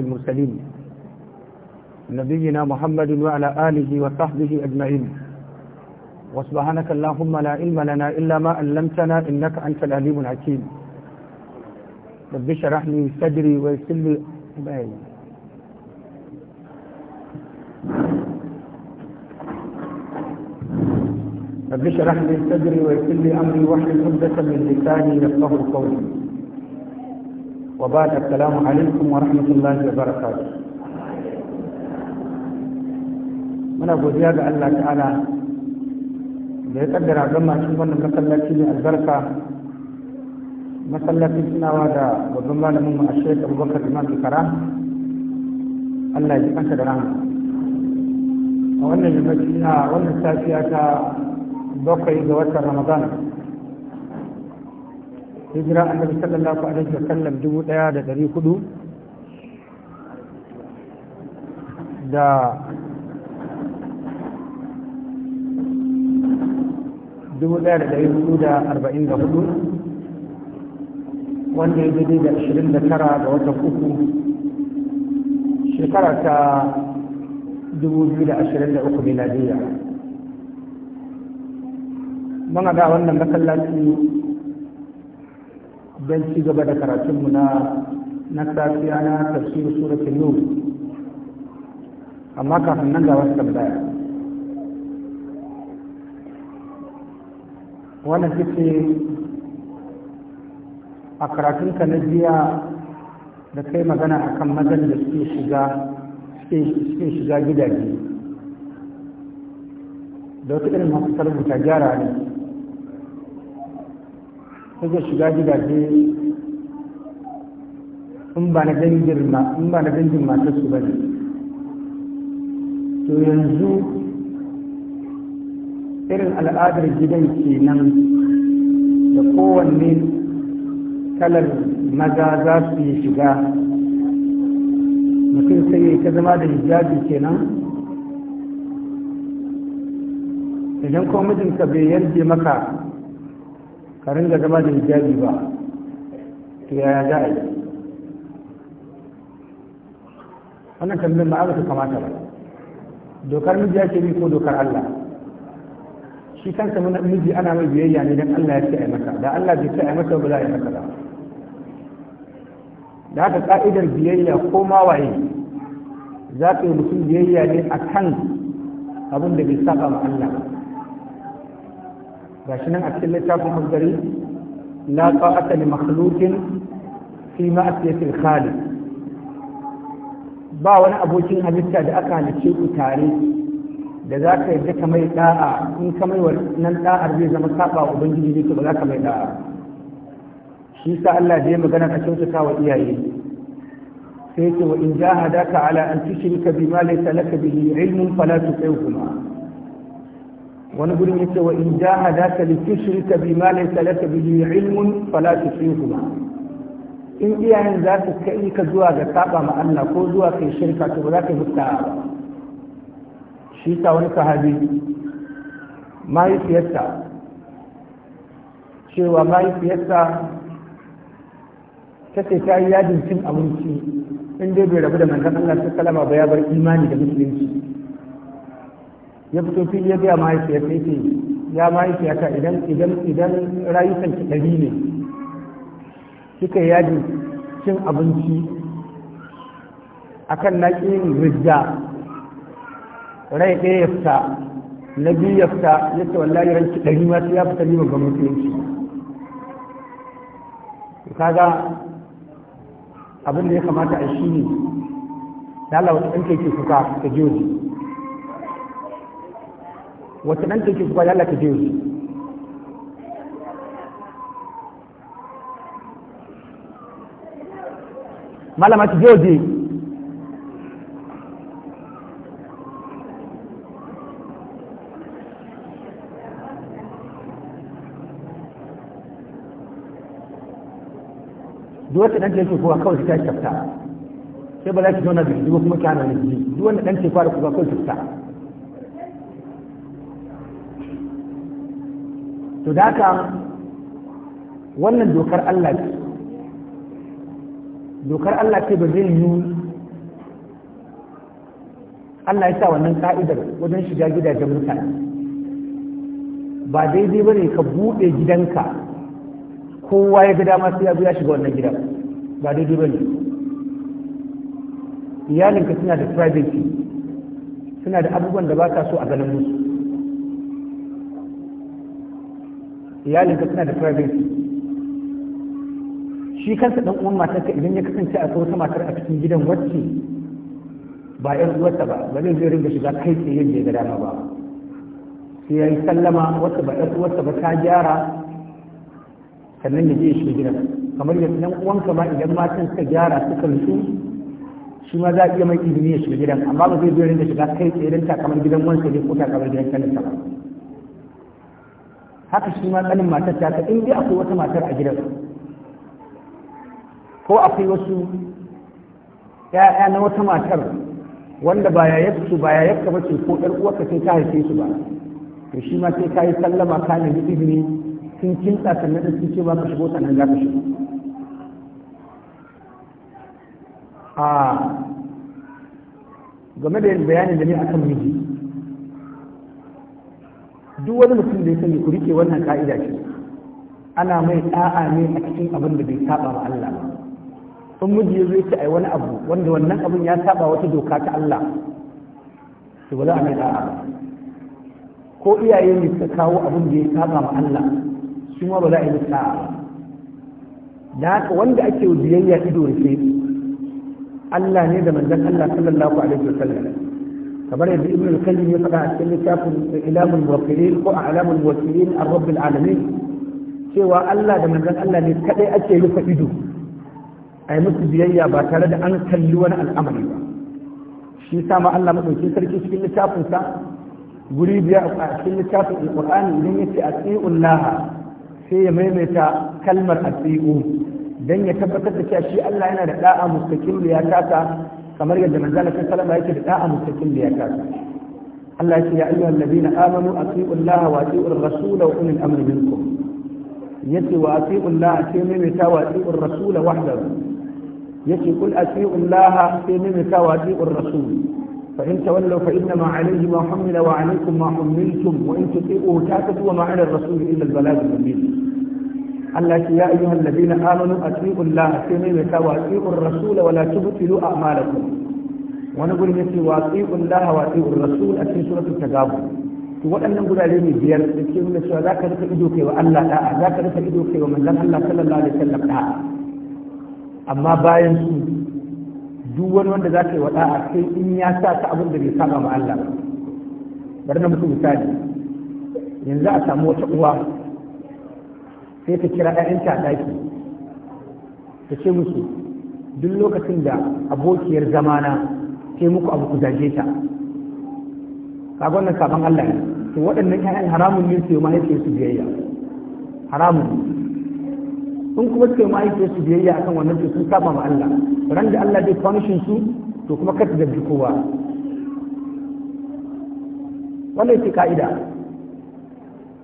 المرسلين نبينا محمد وعلى آله وصحبه أجمعين وسبحانك اللهم لا علم لنا إلا ما علمتنا إنك أنت العليم الحكيم رب اشرح لي صدري ويسر لي أمري رب اشرح لي صدري ويسر لي أمري واحلل عقدة من لساني يفقهوا قولي wa ba da salamu alaikum wa rahmatullahi wa barakatu muna godiya ga Allah ta'ala da ya kaddara gama cikin wannan masallaci ne albarka masallacin tunawa da babban malamin mu a shekaru abubakar imam kara Allah ya ji kanka da rahama a wannan wannan ta bakwai ga watan ramadan hijira annabi sallallahu alaihi wa sallam dubu ɗaya da ɗari hudu da dubu ɗaya da ɗari hudu da arba'in da hudu wanda ya daidai da ashirin da tara ga watan uku shekara ta dubu biyu da ashirin da uku miladiyya mun da wannan masallaci don ci gaba da karatunmu na na safiya na tafsirin suratul nur amma kafin nan ga wasu tambaya wannan kike a karatun ka na jiya da kai magana akan mazan da suke shiga suke shiga gidaje da wata irin masu rubuta gyara ne suka shiga gidaje in ba na dangin in ba na to yanzu irin al'adar gidan kenan da kowanne kalar maza za su yi shiga mutum sai ya ta zama da hijabi kenan idan kuma mijinka bai yarje maka ka ringa zama da hijabi ba ta yaya za a yi wannan tambayin ba ta kamata ba dokar miji ake bi ko dokar Allah shi kansa miji ana mai biyayya ne don Allah ya ce a yi masa da Allah bai ce a yi masa ba za a yi maka ba da haka ka'idar biyayya ko ma waye za ka yi mutum biyayya ne a kan abin da bai saba ma Allah ba gashi nan a cikin littafin muzdari la ta'ata li makhluqin fi ma'siyati al-khaliq ba wani abokin halitta da aka halice ku tare da za ka yarda ka mai da'a in ka mai nan da'ar zai zama saba wa ubangiji ne ba za ka mai da'a shi sa Allah da ya magana ka kyautata wa iyaye sai ce wa in jahadaka ala an tushrika bima laysa laka bihi ilmun fala tuqihuma wani gurin ce wa in jahadaka li tushrika bima laysa bi bihi ilmun fala tushrikuma in iyayen za su kai ka zuwa ga saba ma Allah ko zuwa kai shirka to ba za ka mutta shi ta wani sahabi mahaifiyarsa cewa mahaifiyarsa ta ce ta yi yajin cin abinci in dai bai rabu da manzon Allah ta kalama ba ya bar imani da musulunci ya fito fili ya gaya mahaifiyar ta ya mahaifiyata idan idan idan rayukan ki ɗari ne kika yaji cin abinci akan na ƙin rijja rai ɗaya ya fita na biyu ya fita ya ce wallahi ranki ɗari ma ya fita ni ga musulunci kaga abin da ya kamata a shi ne na lawa ɗan ke kuka ta jiyoji wata nan take su ya Allah ta je malama ta je je duk nan take kuwa kawai ta shafta sai ba za ki zauna da duk kuma kyanar ne duk wanda dan ce fara kawai ta to da haka wannan dokar Allah ce dokar Allah ce ba zai yi Allah ya sa wannan ka'idar wajen shiga gidajen mutane ba daidai ba ne ka buɗe gidanka kowa ya ga dama sai ya shiga wannan gidan ba daidai ba ne iyalinka suna da privacy suna da abubuwan da ba ka so a ganin musu iyalinka suna da privacy shi kansa dan uwan matarka idan ya kasance a wata matar a cikin gidan wacce ba yan uwarta ba ba zai zai ringa shiga kai tsaye yadda ya ga dama ba sai ya yi sallama wacce ba yan uwarta ba ta gyara sannan ya je shiga gidan kamar yadda nan ka ma idan matan ka gyara suka nutsu shi ma za a iya mai izini ya shiga gidan amma ba zai zo ringa shiga kai tsaye don takamar gidan wansa ne ko takamar gidan kanin ba haka shi ma tsanin matar ta ta in dai akwai wata matar a gidan ko akwai wasu ya'ya na wata matar wanda ba su ba ya ba ce ko ɗan uwarka sai ka haife su ba to shi ma sai ka yi sallama ka da izini sun kinsa sannan da sun ce ba ka shigo sannan za ka shigo ah, game da bayanin da ne akan miji duk wani mutum da ya sani ku rike wannan ka'ida ce ana mai da'a ne a cikin abin da bai saba wa Allah ba in miji ya zo ya ce ai wani abu wanda wannan abin ya saba wata doka ta Allah to ba za a mai da'a ba ko iyaye ne suka kawo abin da ya saba ma Allah shi ma ba za a yi da'a ba da haka wanda ake biyayya ido rufe Allah ne da manzon Allah sallallahu alaihi wasallam kamar yadda ibn al-qayyim ya faɗa a cikin littafin ilamul muwakkilin ko a'lamul muwakkilin ar-rabbil alamin cewa Allah da manzon Allah ne kadai ake rufe ido a yi musu biyayya ba tare da an kalli wani al'amari ba shi sa ma Allah madauki sarki cikin littafin sa guri biya a cikin littafin alqur'ani idan yace ati'un laha sai ya maimaita kalmar ati'u dan ya tabbatar da cewa shi Allah yana da da'a mustaqil ya taka kamar yadda manzala sun salama yake da da'a mutakin da ya kasa Allah ya ce ya ayyuhal ladina amanu atiiu Allah wa atiiu ar-rasul wa ulil amri minkum yace wa atiiu Allah sai mai ta wa atiiu ar-rasul wahdahu yace kul atiiu Allah sai mai ta wa atiiu ar-rasul fa in tawallaw fa inna ma alayhi ma humila wa alaykum ma humiltum wa in tuti'uhu taqtu wa ma ala ar-rasul illa al-balagh al-mubin Allah ya yi ayyuha alladhina amanu atiiu Allah sai mai mai tawa atiiu rasula wala a a'malakum wani gurin yace wa atiiu Allah wa atiiu rasul a cikin ta tagabun to waɗannan gurare ne biyar da ke nuna cewa za ka rufe ido kai wa Allah da'a za ka rufe ido kai wa manzon Allah sallallahu alaihi wasallam da'a amma bayan su duk wani wanda za ka yi wa da'a sai in ya sa ta abin da bai saba ma Allah bari na muku misali yanzu a samu wata uwa sai ta kira 'ya'yanta a daki ta ce musu duk lokacin da abokiyar zamana sai muku abu ku zage ta kaga sabon Allah ne to waɗannan ƴaƴan haramun ne su yi mahaifiyar su biyayya haramun in kuma su yi mahaifiyar su biyayya akan wannan to sun saba ma Allah ran da Allah zai kwanishin su to kuma kar su kowa wannan ce ka'ida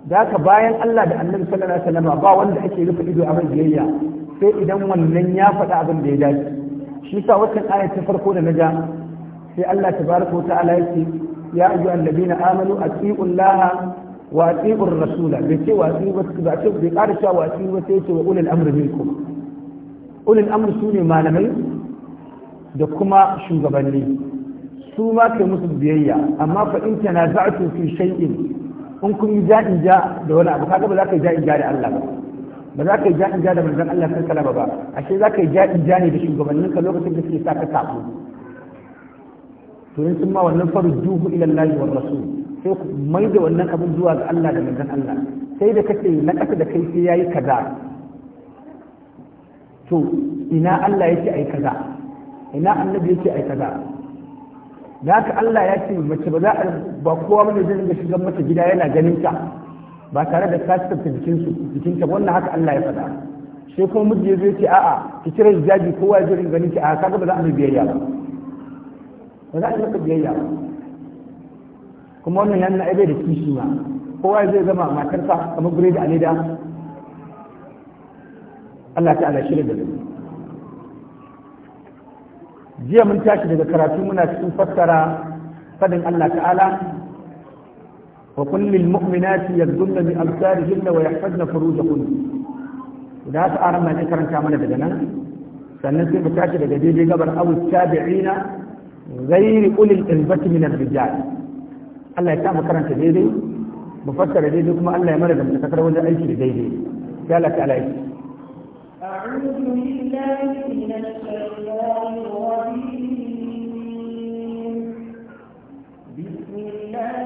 da haka bayan Allah da annabi sallallahu alaihi wasallam ba wanda ake rufe ido a mai biyayya sai idan wannan ya faɗa abin da ya dace shi sa wannan ayat ta farko da naja sai Allah tabaraka ta'ala yake ya ayu ladina amanu atiiu Allah wa atiiu rasula bai ce wa atiiu ba ce bai ƙara wa atiiu sai ce wa ulul amri minkum ulul amri sune malamai da kuma shugabanni su ma kai musu biyayya amma fa in tanaza'tu fi shay'in in kun yi ja'in ja da wani abu kaga ba za ka yi ja'in ja da Allah ba ba za ka yi ja'in ja da manzon Allah kan kalaba ba ashe za ka yi ja'in ja ne da shugabannin ka lokacin da suke sa ka to in sun ma wannan juhu ila Allah wa rasul sai ku mai da wannan abin zuwa ga Allah da manzon Allah sai da kace na kasa da kai sai yayi kaza to ina Allah yake ai kaza ina annabi yake ai kaza da haka Allah ya ce mace ba za a ba kowa bane zai dinga shigar mata gida yana ganin ta ba tare da ta jikin su jikin ta wannan haka Allah ya faɗa sai kuma miji zai ce a'a ki kira jaji kowa zai dinga ganin ki a kaga ba za a yi biyayya ba ba za a maka biyayya ba kuma wannan yana na aibe da kishi ma kowa zai zama matarsa kamar gure da aleda Allah ta'ala shirya da mu jiya mun tashi daga karatu muna cikin fassara fadin Allah ta'ala wa kullil mu'minati yaghdunna min absarihinna wa yahfazna furujahunna da haka aran ma ne karanta mana daga nan sannan sai mu tashi daga daidai gabar awu tabi'ina ghairi ulil irbati min ar-rijal Allah ya ta karanta daidai mu fassara daidai kuma Allah ya mara da mutakar wajen aiki da daidai ya Allah ta'ala yi أعوذ بالله من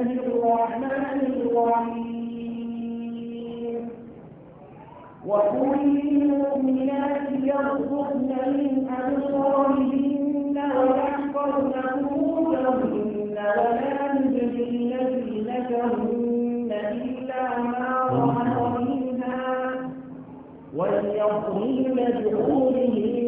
الله الرحيم وقل للمؤمنات يغضبن من أبصارهن ويحفظن فروجهن ولا يبدين زينتهن إلا ما ظهر منها وليظهرن بخورهن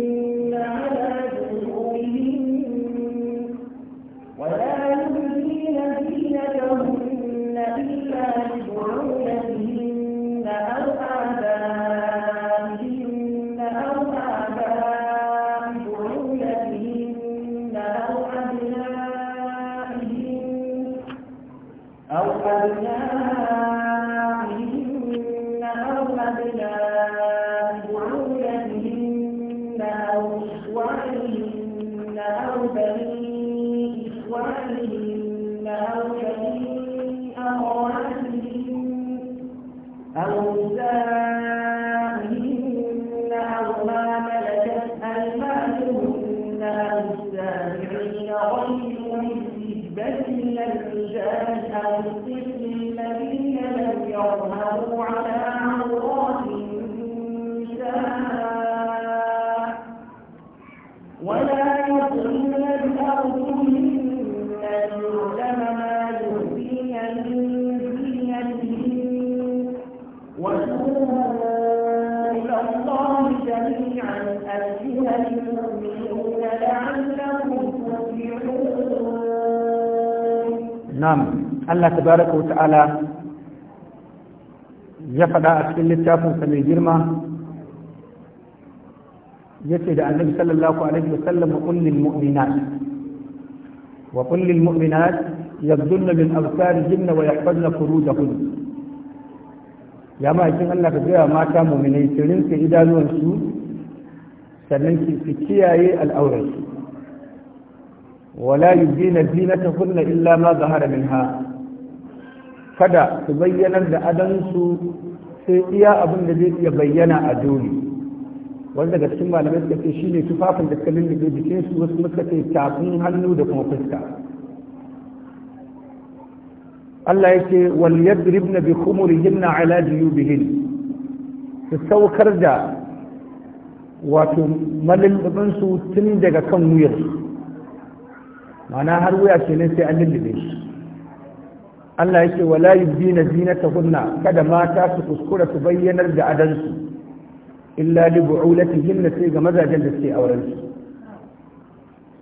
Allah tabaraka wa ta'ala ya faɗa a cikin littafinsa mai girma ya ce da annabi sallallahu alaihi wasallam wa kullil mu'minat wa kullil mu'minat yabdunna min absarihinna wa yahfazna furujahunna ya ma'aikin Allah ka gaya mata muminai su rinse idanuwansu sannan su kiyaye al'aurarsu wala yubdina zinata kunna illa ma zahara minha kada su bayyanar da adansu sai iya abin da zai iya bayyana a dole wanda daga cikin malamai suka ce shine tufafin da suka jikin su wasu suka ce tafin hannu da kuma fuska Allah yake wal yadribna bi khumurihinna ala jiyubihin su saukar da wato malulubin su tun daga kan wuyar mana har wuya ne sai an lullube shi Allah yake wala ta hunna kada mata su kuskura su bayyanar da adansu illa li bu'ulatihinna sai ga mazajen da suke auren su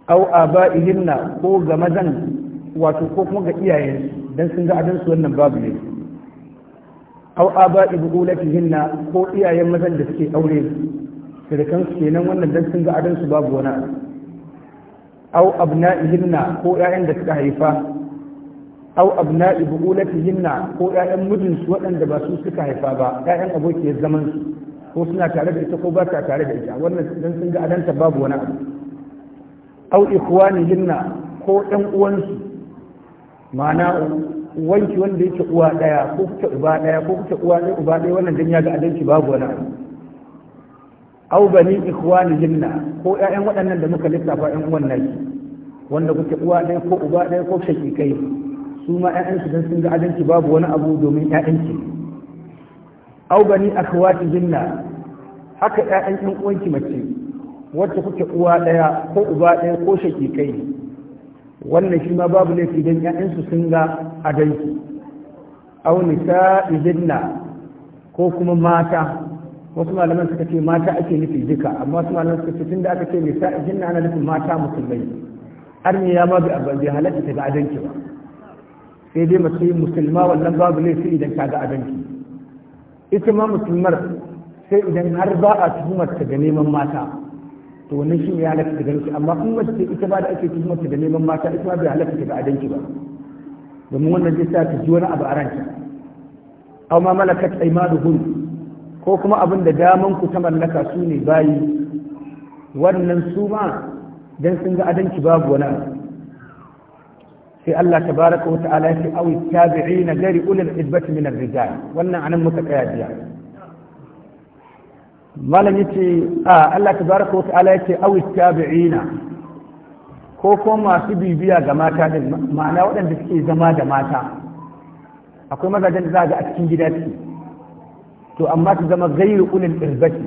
aw aba'ihinna ko ga mazan wato ko kuma ga iyayen dan sun ga adansu wannan babu ne aw aba'i bu'ulatihinna ko iyayen mazan da suke aure sirkan su kenan wannan dan sun ga adansu babu wani aw abna'ihinna ko ƴaƴan da suka haifa au abna'i bu'ulatihinna ko ƴaƴan su waɗanda ba su suka haifa ba ƴaƴan abokiyar zaman su ko suna tare da ita ko ba ta tare da ita wannan dan sun ga adanta babu wani abu au ikhwanihinna ko ɗan uwansu ma'ana wanki wanda yake uwa ɗaya ko kuke uba ɗaya ko kuke uwa ɗaya uba ɗaya wannan dan ya ga adanci babu wani abu au bani ikhwanihinna ko ƴaƴan waɗannan da muka lissafa ƴan uwan nan wanda kuke uwa ɗaya ko uba ɗaya ko kai. su ma ƴaƴansu dan sun ga adalci babu wani abu domin yayanki aw bani akhwati jinna haka yayan ƴan uwanki mace wacce kuke uwa ɗaya ko uba ɗaya ko shakikai wannan shi ma babu laifi dan ƴaƴansu sun ga adalci aw nisa'i jinna ko kuma mata wasu malaman suka ce mata ake nufi duka amma wasu malaman suka ce tun da aka ce nisa jinna ana nufin mata musulmai arniya ma bi abin bai halatta ta ga ba sai dai mace musulma wannan babu laifi idan ta ga abinci ita ma musulmar sai idan har ba a tuhumar ta da neman mata to wannan shi ya halatta daga nufi amma kuma mace ita ba da ake tuhumar ta da neman mata ita ma bai halatta daga adanki ba domin wannan zai sa ta ji wani abu a ranta aw ma malakat aymanuhum ko kuma abin da daman ku ta mallaka su ne bayi wannan su ma dan sun ga adanki babu wani abu sai Allah ta tabaraka wa ta'ala yace aw tabi'ina gari ulul idbat min ar-rijal wannan anan muka kaya biya malam yace a Allah ta tabaraka wa ta'ala yace aw tabi'ina ko ko masu bibiya ga mata din ma'ana waɗanda suke zama da mata akwai mazajen da za ga a cikin gida su to amma su zama gairu ulul ibbati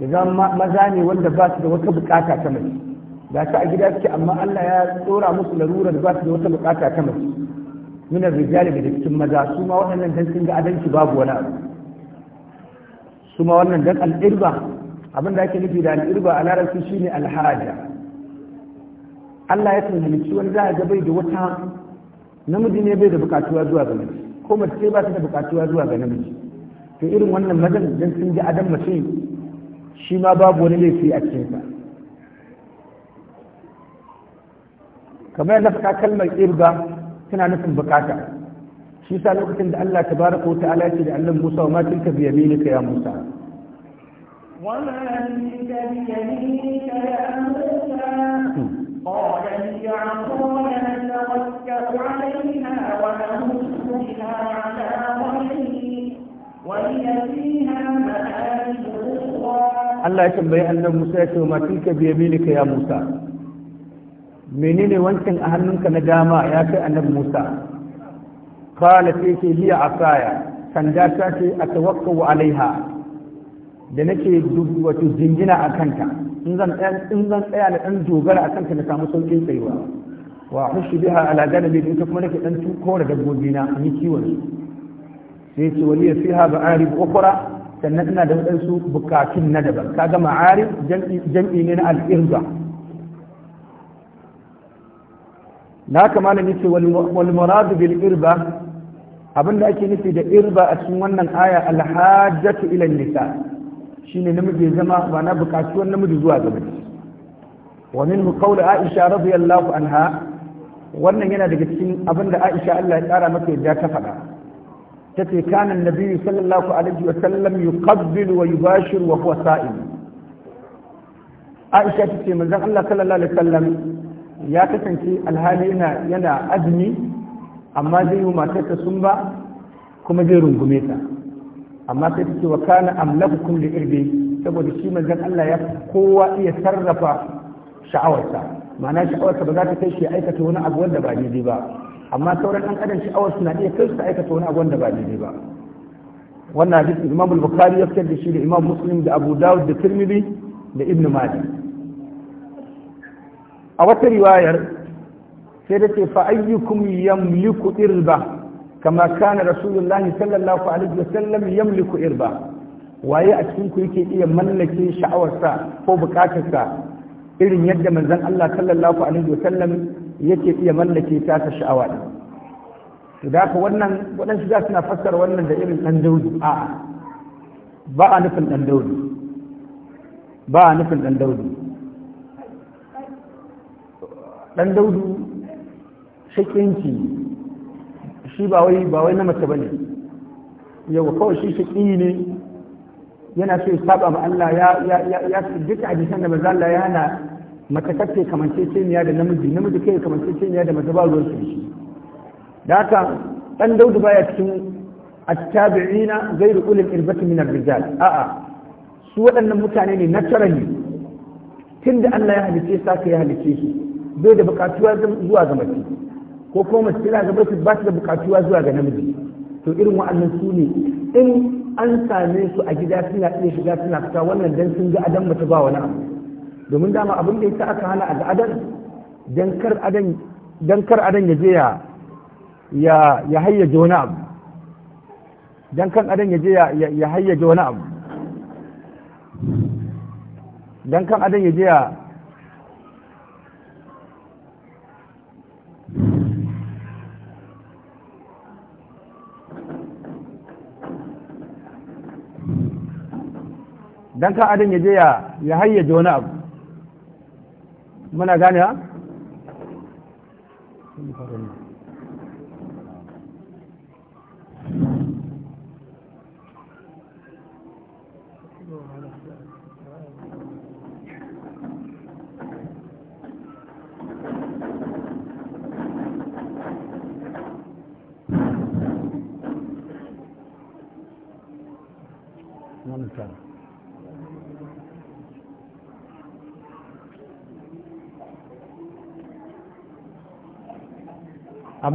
ya zama maza ne wanda ba su da wata bukata ta mace ga ta a gida suke amma Allah ya tsora musu larurar ba su da wata bukata ta mace minar rijali da cikin maza su ma waɗannan dan sun ga adalci babu wani abu su ma wannan dan al'irba abin da ake nufi da al'irba a larabci ne alharaja Allah ya tunanci wani za a ga bai da wata namiji ne bai da bukatuwa zuwa ga mace ko mace sai ba ta da bukatuwa zuwa ga namiji to irin wannan mazan dan sun ga adam mace shi ma babu wani laifi a cikinsa kamar yadda faɗa kalmar irga tana nufin bukata shi sa lokacin da Allah tabaraka wa ta'ala ce da Allah Musa wa ma tilka bi yaminika ya Musa وما تلك بيمينك يا موسى قال هي عصاي اتوكل عليها وامص بها على وجهي وهي فيها مآرب أخرى الله يتبين أن موسى وما تلك بيمينك يا موسى menene wancan a hannunka na dama ya kai annabi Musa qala sai ce hiya asaya sanda ta ce atawakkau alaiha da nake wato jingina a kanta in zan in zan tsaya na dan dogara a kanta na samu saukin tsayuwa wa hushu biha ala ganabi ita kuma nake dan tuko da dabbobi na in yi kiwon su sai ce waliya fiha ba'arib ukhra sannan ina da waɗansu bukatun na daban kaga ma'arif jam'i ne na al na kama malami ce wal muradu bil irba da ake nufi da irba a cikin wannan aya al hajjatu ila nisa ne namiji ya zama ba na wani namiji zuwa ga mace mu min da aisha radiyallahu anha wannan yana daga cikin abin da aisha Allah ya kara mata yadda ta faɗa Ta tace kana annabi sallallahu alaihi wa sallam yuqabbilu wa yubashir wa huwa sa'im aisha tace manzon Allah sallallahu alaihi wa sallam ya kasance alhali yana azumi amma zai yi matarsa sun ba kuma zai rungume ta amma sai take wa kana amlakukum li irbi saboda shi manzon Allah ya kowa iya sarrafa sha'awarsa ma'ana sha'awarsa ba za ta kai shi aikata wani abu wanda ba daidai ba amma sauran ɗan adam sha'awar suna iya kai su aikata wani abu wanda ba daidai ba wannan hadisi imam bukhari ya fitar da shi da imam muslim da abu dawud da tirmidhi da ibn majah a wata riwayar sai da ce fa yamliku irba kama kana rasulullahi sallallahu alaihi wasallam yamliku irba waye a cikin ku yake iya mallake sha'awarsa ko bukatarsa irin yadda manzon Allah sallallahu alaihi wasallam yake iya mallake ta ta sha'awa to da ka wannan waɗansu za suna fassara wannan da irin ɗan daudu a'a ba a nufin ɗan daudu ba a nufin ɗan daudu dan daudu shakinki shi ba wai ba wai na mace bane yau kawai shi shaki ne yana so ya saba ma Allah ya ya ya duk hadisan da manzo Allah ya hana mace kace niya da namiji namiji kai niya da mace ba ruwan shi da haka dan daudu baya cikin attabi'ina ghairu ulil irbati min ar-rijal a'a su waɗannan mutane ne na tarihi. tunda Allah ya halice sa ka ya halice shi bai da bukatuwa zuwa ga mace ko kuma mace tana ga mace ba da bukatuwa zuwa ga namiji to irin wa'annan su ne in an same su a gida suna iya shiga suna fita wannan dan sun ga adam mace ba wani abu domin dama abin da yasa aka hana a ga adam dan kar adam dan kar adam ya je ya ya ya hayyaje wani abu dan kan adam ya je ya ya hayyaje wani abu dan kan adam ya je ya dan ka adan ya je ya hayyaje wani abu muna gane ha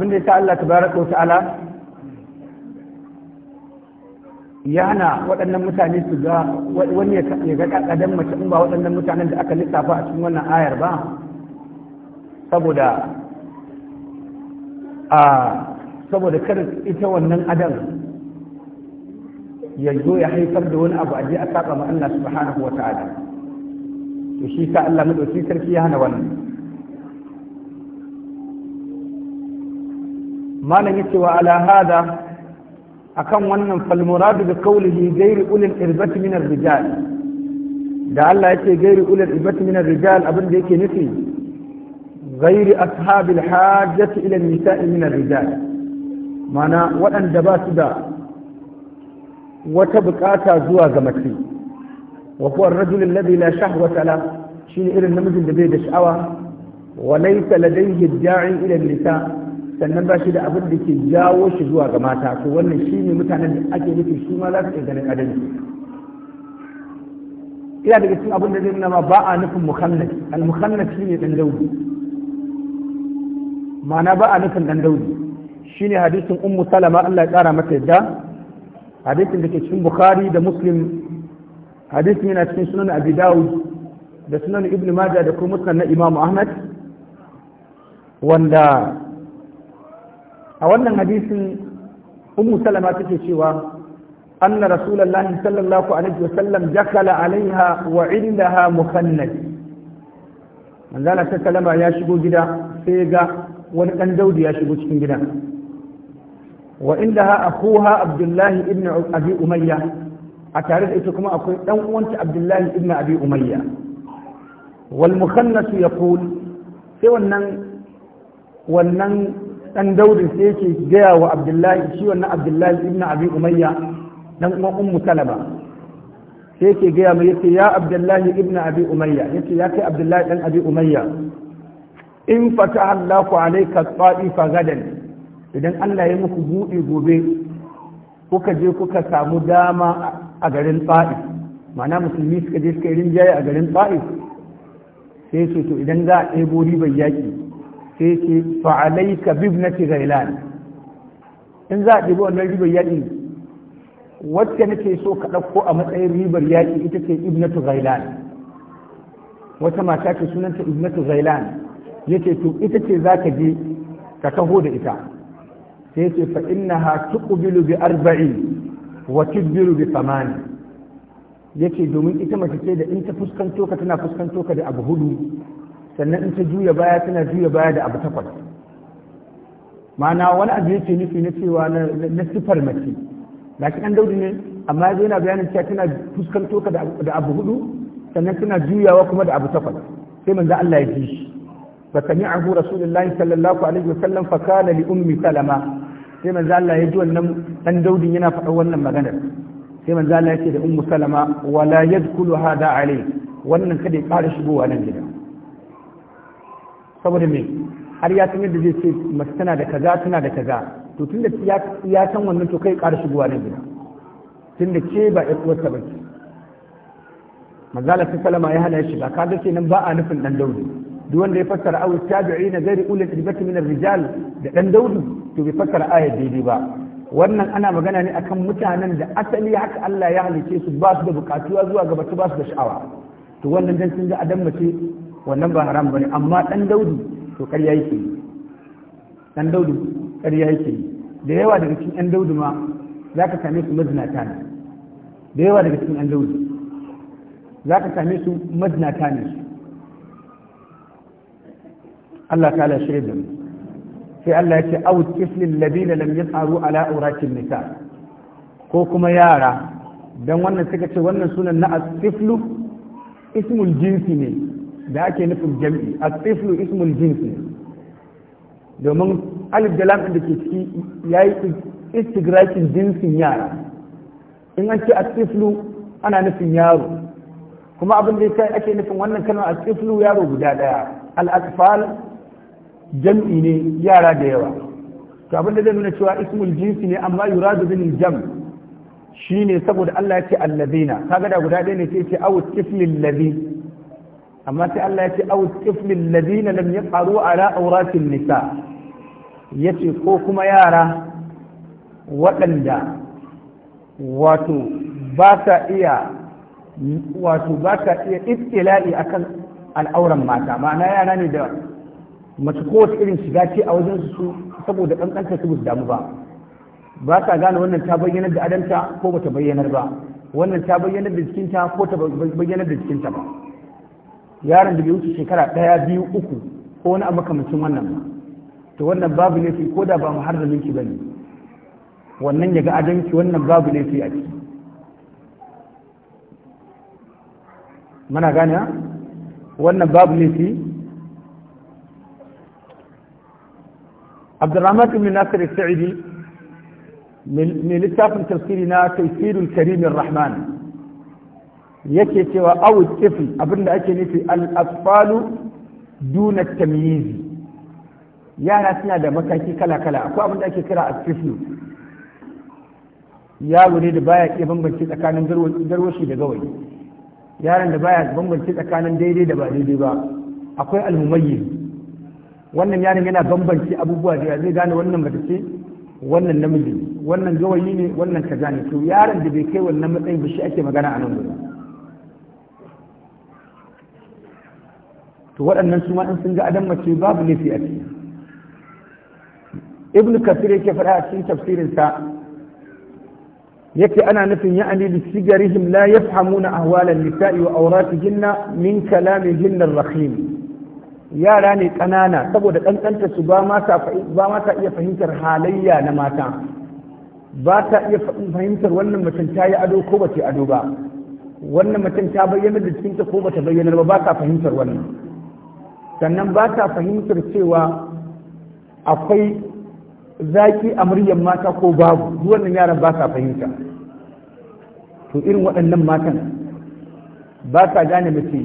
abin da yasa Allah tabaraka wa ta'ala yana waɗannan mutane su ga wani ya ga kakadan mace in ba waɗannan mutanen da aka lissafa a cikin wannan ayar ba saboda a saboda kar ita wannan adam ya zo ya haifar da wani abu a je a saba ma Allah subhanahu wa ta'ala to shi sa Allah madauki sarki ya hana wannan malam yace wa ala hada akan wannan fal muradu bi qawlihi ghairu ulil irbati min ar-rijal da Allah yace ghairu ulil irbati min ar-rijal abin da yake nufi ghairu ashabil hajjati ila an-nisa'i min ar-rijal mana waɗanda ba su da wata bukata zuwa ga mace wa huwa ar-rajul alladhi la shahwata la shine irin namijin da bai da sha'awa wa laysa ladayhi da'i ila an-nisa' sannan ba shi da abin da ke jawo shi zuwa ga mata to wannan shi ne mutanen da ake nufi su ma za su iya ganin adalci ina daga cikin abin da zai nuna ma ba a nufin mukhannaf al mukhannaf shi ne dan daudi ma'ana ba a nufin dan daudi shi ne hadisin ummu salama Allah ya tsara mata yadda hadisin da ke cikin bukhari da muslim hadisin yana cikin sunan abi dawud da sunan ibn majah da kuma sunan na imam ahmad wanda a wannan hadisin ummu salama take cewa anna rasulullahi sallallahu alaihi wa sallam dakala alaiha wa indaha mukannad manzala ta salama ya shigo gida sai ga wani dan daudi ya shigo cikin gida wa indaha akuha abdullahi ibn abi umayya a tare da ita kuma akwai dan uwanta abdullahi ibn abi umayya wal mukhannas yaqul sai wannan wannan dan daudin sai yake gaya wa abdullahi shi wannan abdullahi ibn abi umayya dan uwan ummu salama sai yake gaya mai yace ya abdullahi ibn abi umayya yace ya kai abdullahi dan abi umayya in fataha Allahu alayka ta'ifa gadan idan Allah ya muku bude gobe kuka je kuka samu dama a garin ta'if ma'ana musulmi suka je suka yi rinjaye a garin ta'if sai su to idan za a ɗebo ribar yaƙi sai ce fa'alaika bibnati ghailan in za a ɗibi wannan ribar yaƙi wacce nake so ka ɗauko a matsayin ribar yaƙi ita ce ibnatu ghailan wata mata ce sunanta ibnatu ghailan yace to ita ce za ka je ka taho da ita sai ce fa innaha tuqbilu bi arba'i wa tudbiru bi thamani yace domin ita mace ce da in ta fuskanto ka tana fuskanto ka da abu hudu sannan in ta juya baya tana juya baya da abu takwas ma'ana wani abu yake nufi na cewa na sifar mace laki an daudi ne amma yanzu yana bayanin cewa tana fuskanto ka da abu hudu sannan tana juyawa kuma da abu takwas sai manzo Allah ya ji shi fa sami'ahu rasulullahi sallallahu alaihi wasallam fa kana li ummi salama sai manzo Allah ya ji wannan ɗan daudin yana faɗa wannan maganar sai manzo Allah ya ce da ummu salama wala yadkhulu hada alai wannan kada ya fara shigowa nan gidan saboda me har ya sanar da zai ce mace tana da kaza tana da kaza to tunda ya san wannan to kai ƙara shigowa nan gida tunda ke ba ya kuwa ba ce manzala salama ya hana shiga ka ce nan ba a nufin dan daudi duk wanda ya fassara awu tabi'i na gari ulul ibati min rijal da ɗan daudu to bai fassara aya daidai ba wannan ana magana ne akan mutanen da asali haka Allah ya halice su ba su da bukatuwa zuwa gaba ba su da sha'awa to wannan dan sun ga adam mace wannan ba haram bane amma dan daudi to ƙarya yake dan daudu ƙarya yake da yawa daga cikin yan daudi ma za ka same su mazinata ne da yawa daga cikin yan daudi za ka same su mazinata ne Allah ta'ala shirya da mu sai Allah ya ce aw kiflin ladina lam yas'aru ala awratin nisa ko kuma yara dan wannan suka ce wannan sunan na asiflu ismul jinsi ne da ake nufin jam'i a tsiflu ismul jinsi domin alif da lamɗin da ke ciki ya yi istigrakin jinsin yara in an ce a ana nufin yaro kuma abin da ya ake nufin wannan kalmar a tsiflu yaro guda daya al'asfal jam'i ne yara da yawa to abin da zai nuna cewa ismul jinsi ne amma yura da bin jam shi ne saboda Allah ya ce allazina kaga da guda ɗaya ne ce ce awu tiflil ladhi amma sai Allah ya ce au tiflil ladina lam yaqaru ala auratin nisa yace ko kuma yara waɗanda wato ba ta iya wato ba ta iya akan al'auran mata ma'ana yara ne da mace kowace irin shiga ce a wajen su saboda kankanta su damu ba ba ta gane wannan ta bayyanar da adanta ko bata bayyanar ba wannan ta bayyanar da jikinta ko ta bayyanar da jikinta ba yaron da bai wuce shekara ɗaya biyu uku ko wani abu makamacin wannan ba to wannan babu ne ko da ba mu har da minki bane wannan ya ga wannan babu fi a ciki mana gane wannan babu ne fi Abdurrahman ibn Nasir al-Sa'idi mai littafin tafsiri na Tafsirul Karim Rahman yake cewa awu tifl abinda ake nufi al-asfalu duna tamyizi yara suna da makaki kala-kala akwai abinda ake kira al-tifl yaro ne da baya ke bambanci tsakanin garwashi da gawayi yaron da baya bambanci tsakanin daidai da ba daidai ba akwai al-mumayyiz wannan yaron yana bambanci abubuwa da zai gane wannan mace ce wannan namiji wannan gawayi ne wannan kaza ne to yaron da bai kai wannan matsayin ba shi ake magana a nan gurin to waɗannan su ma in sun ga adam mace babu laifi a ciki ibn kasir yake faɗa a cikin tafsirinsa yake ana nufin ya'ani li sigarihim la a ahwalan nisa'i wa awratihinna min kalamihin ar-rahim yara ne ƙanana saboda ƙanƙanta su ba ma ta iya fahimtar halayya na mata ba ta iya fahimtar wannan mutum ta yi ado ko ba ta ado ba wannan mutum ta bayyana da cikinta ko ba ta bayyana ba ba ta fahimtar wannan sannan ba ta fahimtar cewa akwai zaki a muryar mata ko babu wannan yaran ba sa fahimta to irin waɗannan matan ba ta gane mace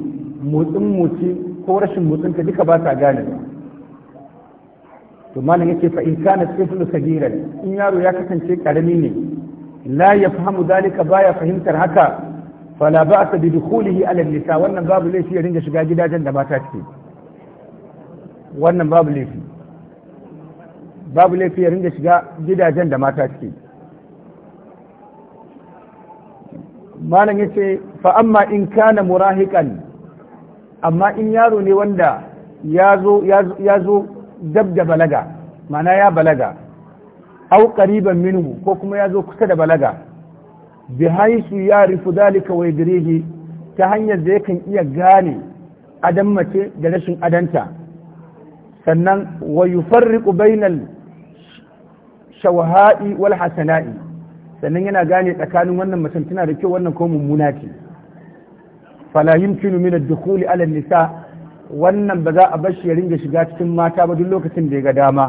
motsin motsi ko rashin ka duka ba ta gane ba to malam yake fa in kana tiflu sagiran in yaro ya kasance karami ne la yafhamu dalika baya fahimtar haka fala ba'sa bi dukhulihi ala nisa wannan babu laifi ya ringa shiga gidajen da mata suke wannan babu laifi babu laifi ya ringa shiga gidajen da mata suke malam ya ce fa amma in kana murahikan amma in yaro ne wanda ya zo dab da balaga mana ya balaga au qariban minhu ko kuma ya zo kusa da balaga bi haisu ya rifu dalika wa yadrihi ta hanyar da yakan iya gane adam mace da rashin adanta sannan wa yufarriqu bainal shawaha'i wal hasana'i sannan yana gane tsakanin wannan mutum tana da kyau wannan ko mummuna ce fala yumkinu min ad-dukhuli ala nisa wannan ba za a bar shi ya ringa shiga cikin mata ba duk lokacin da ya ga dama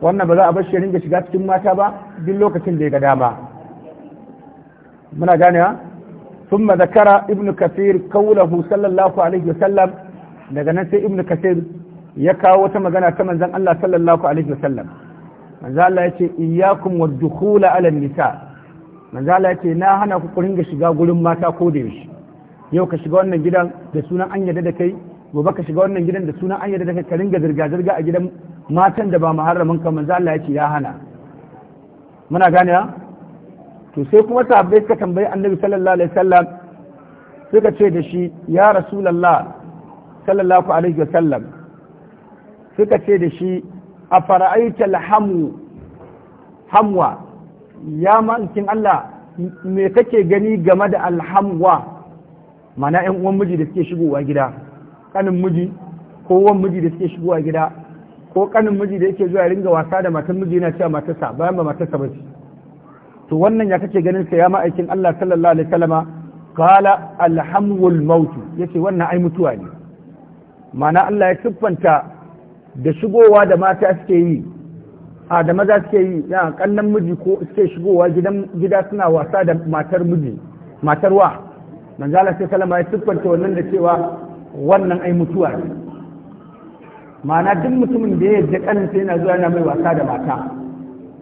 wannan ba za a bar shi ya ringa shiga cikin mata ba duk lokacin da ya ga dama muna gane ha ثم ذكر ابن كثير قوله صلى الله عليه وسلم daga nan sai ibnu kasir ya kawo wata magana ta manzon Allah sallallahu alaihi wasallam manzon Allah yace iyyakum wad-dukhul ala nisa manzon Allah yace na hana ku kurin ga shiga gurin mata ko da yaushe yau ka shiga wannan gidan da sunan an yarda da kai gobe ka shiga wannan gidan da sunan an yarda da kai ka ringa zirga zirga a gidan matan da ba muharramin ka manzon Allah yace ya hana muna gane ya to sai kuma sahabbai suka tambayi annabi sallallahu alaihi wasallam suka ce da shi ya rasulullah sallallahu alaihi wasallam suka ce da shi a fara'aitar hamwa ya ma'aikin Allah me kake gani game da alhamwa mana yan uwan miji da suke shigowa gida kanin miji ko wan miji da suke shigowa gida ko kanin miji da yake zuwa ringa wasa da matan miji yana cewa matarsa bayan ba matarsa ba ce to wannan ya kake ganin sa ya ma'aikin Allah sallallahu alaihi wasallama qala alhamwul maut yace wannan ai mutuwa ne mana Allah ya siffanta da shigowa da mata suke yi a da maza suke yi na kannan miji ko suke shigowa gida suna wasa da matar miji matar wa manzala sai salama ya siffanta wannan da cewa wannan ai mutuwa ne ma'ana duk mutumin da ya yadda kaninsa yana zuwa yana mai wasa da mata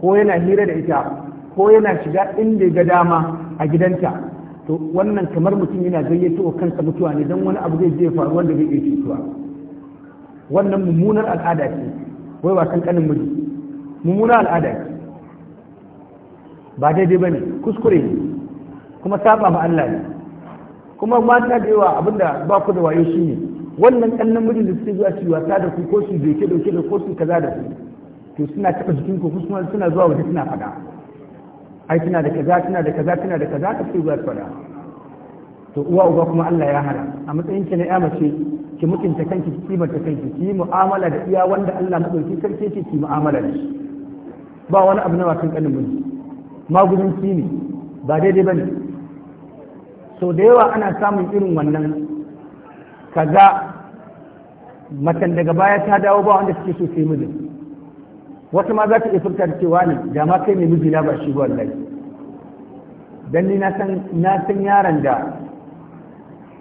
ko yana hira da ita ko yana shiga inda ga dama a gidanta to wannan kamar mutum yana gayyato wa kansa mutuwa ne don wani abu zai je faru wanda zai iya cutuwa wannan mummunar al'ada ce wai wasan kanin miji mummunar al'ada ce ba daidai ba ne kuskure ne kuma saba ma Allah ne kuma mata da yawa abinda ba ku da wayo shi ne wannan kanin mijin da suke zuwa su ta wasa da ku ko su je doke da ko su kaza da ku to suna taɓa jikin ku kuma suna zuwa waje suna faɗa ai tana da kaza tana da kaza tana da kaza ka fi uwar fada to uwa uba kuma Allah ya hana a matsayin ki na ya mace ki mutunta kanki ki ta kanki ki mu'amala da iya wanda Allah dauki sarki ki ki mu'amala da shi ba wani abu na wasan kanin mu magudin ki ne ba daidai bane so da yawa ana samun irin wannan kaza matan daga baya ta dawo ba wanda suke so sai mijin Wasu ma za ta iya furta cewa ne da ma kai ne mijina ba shi wallahi dan ni na san na san yaron da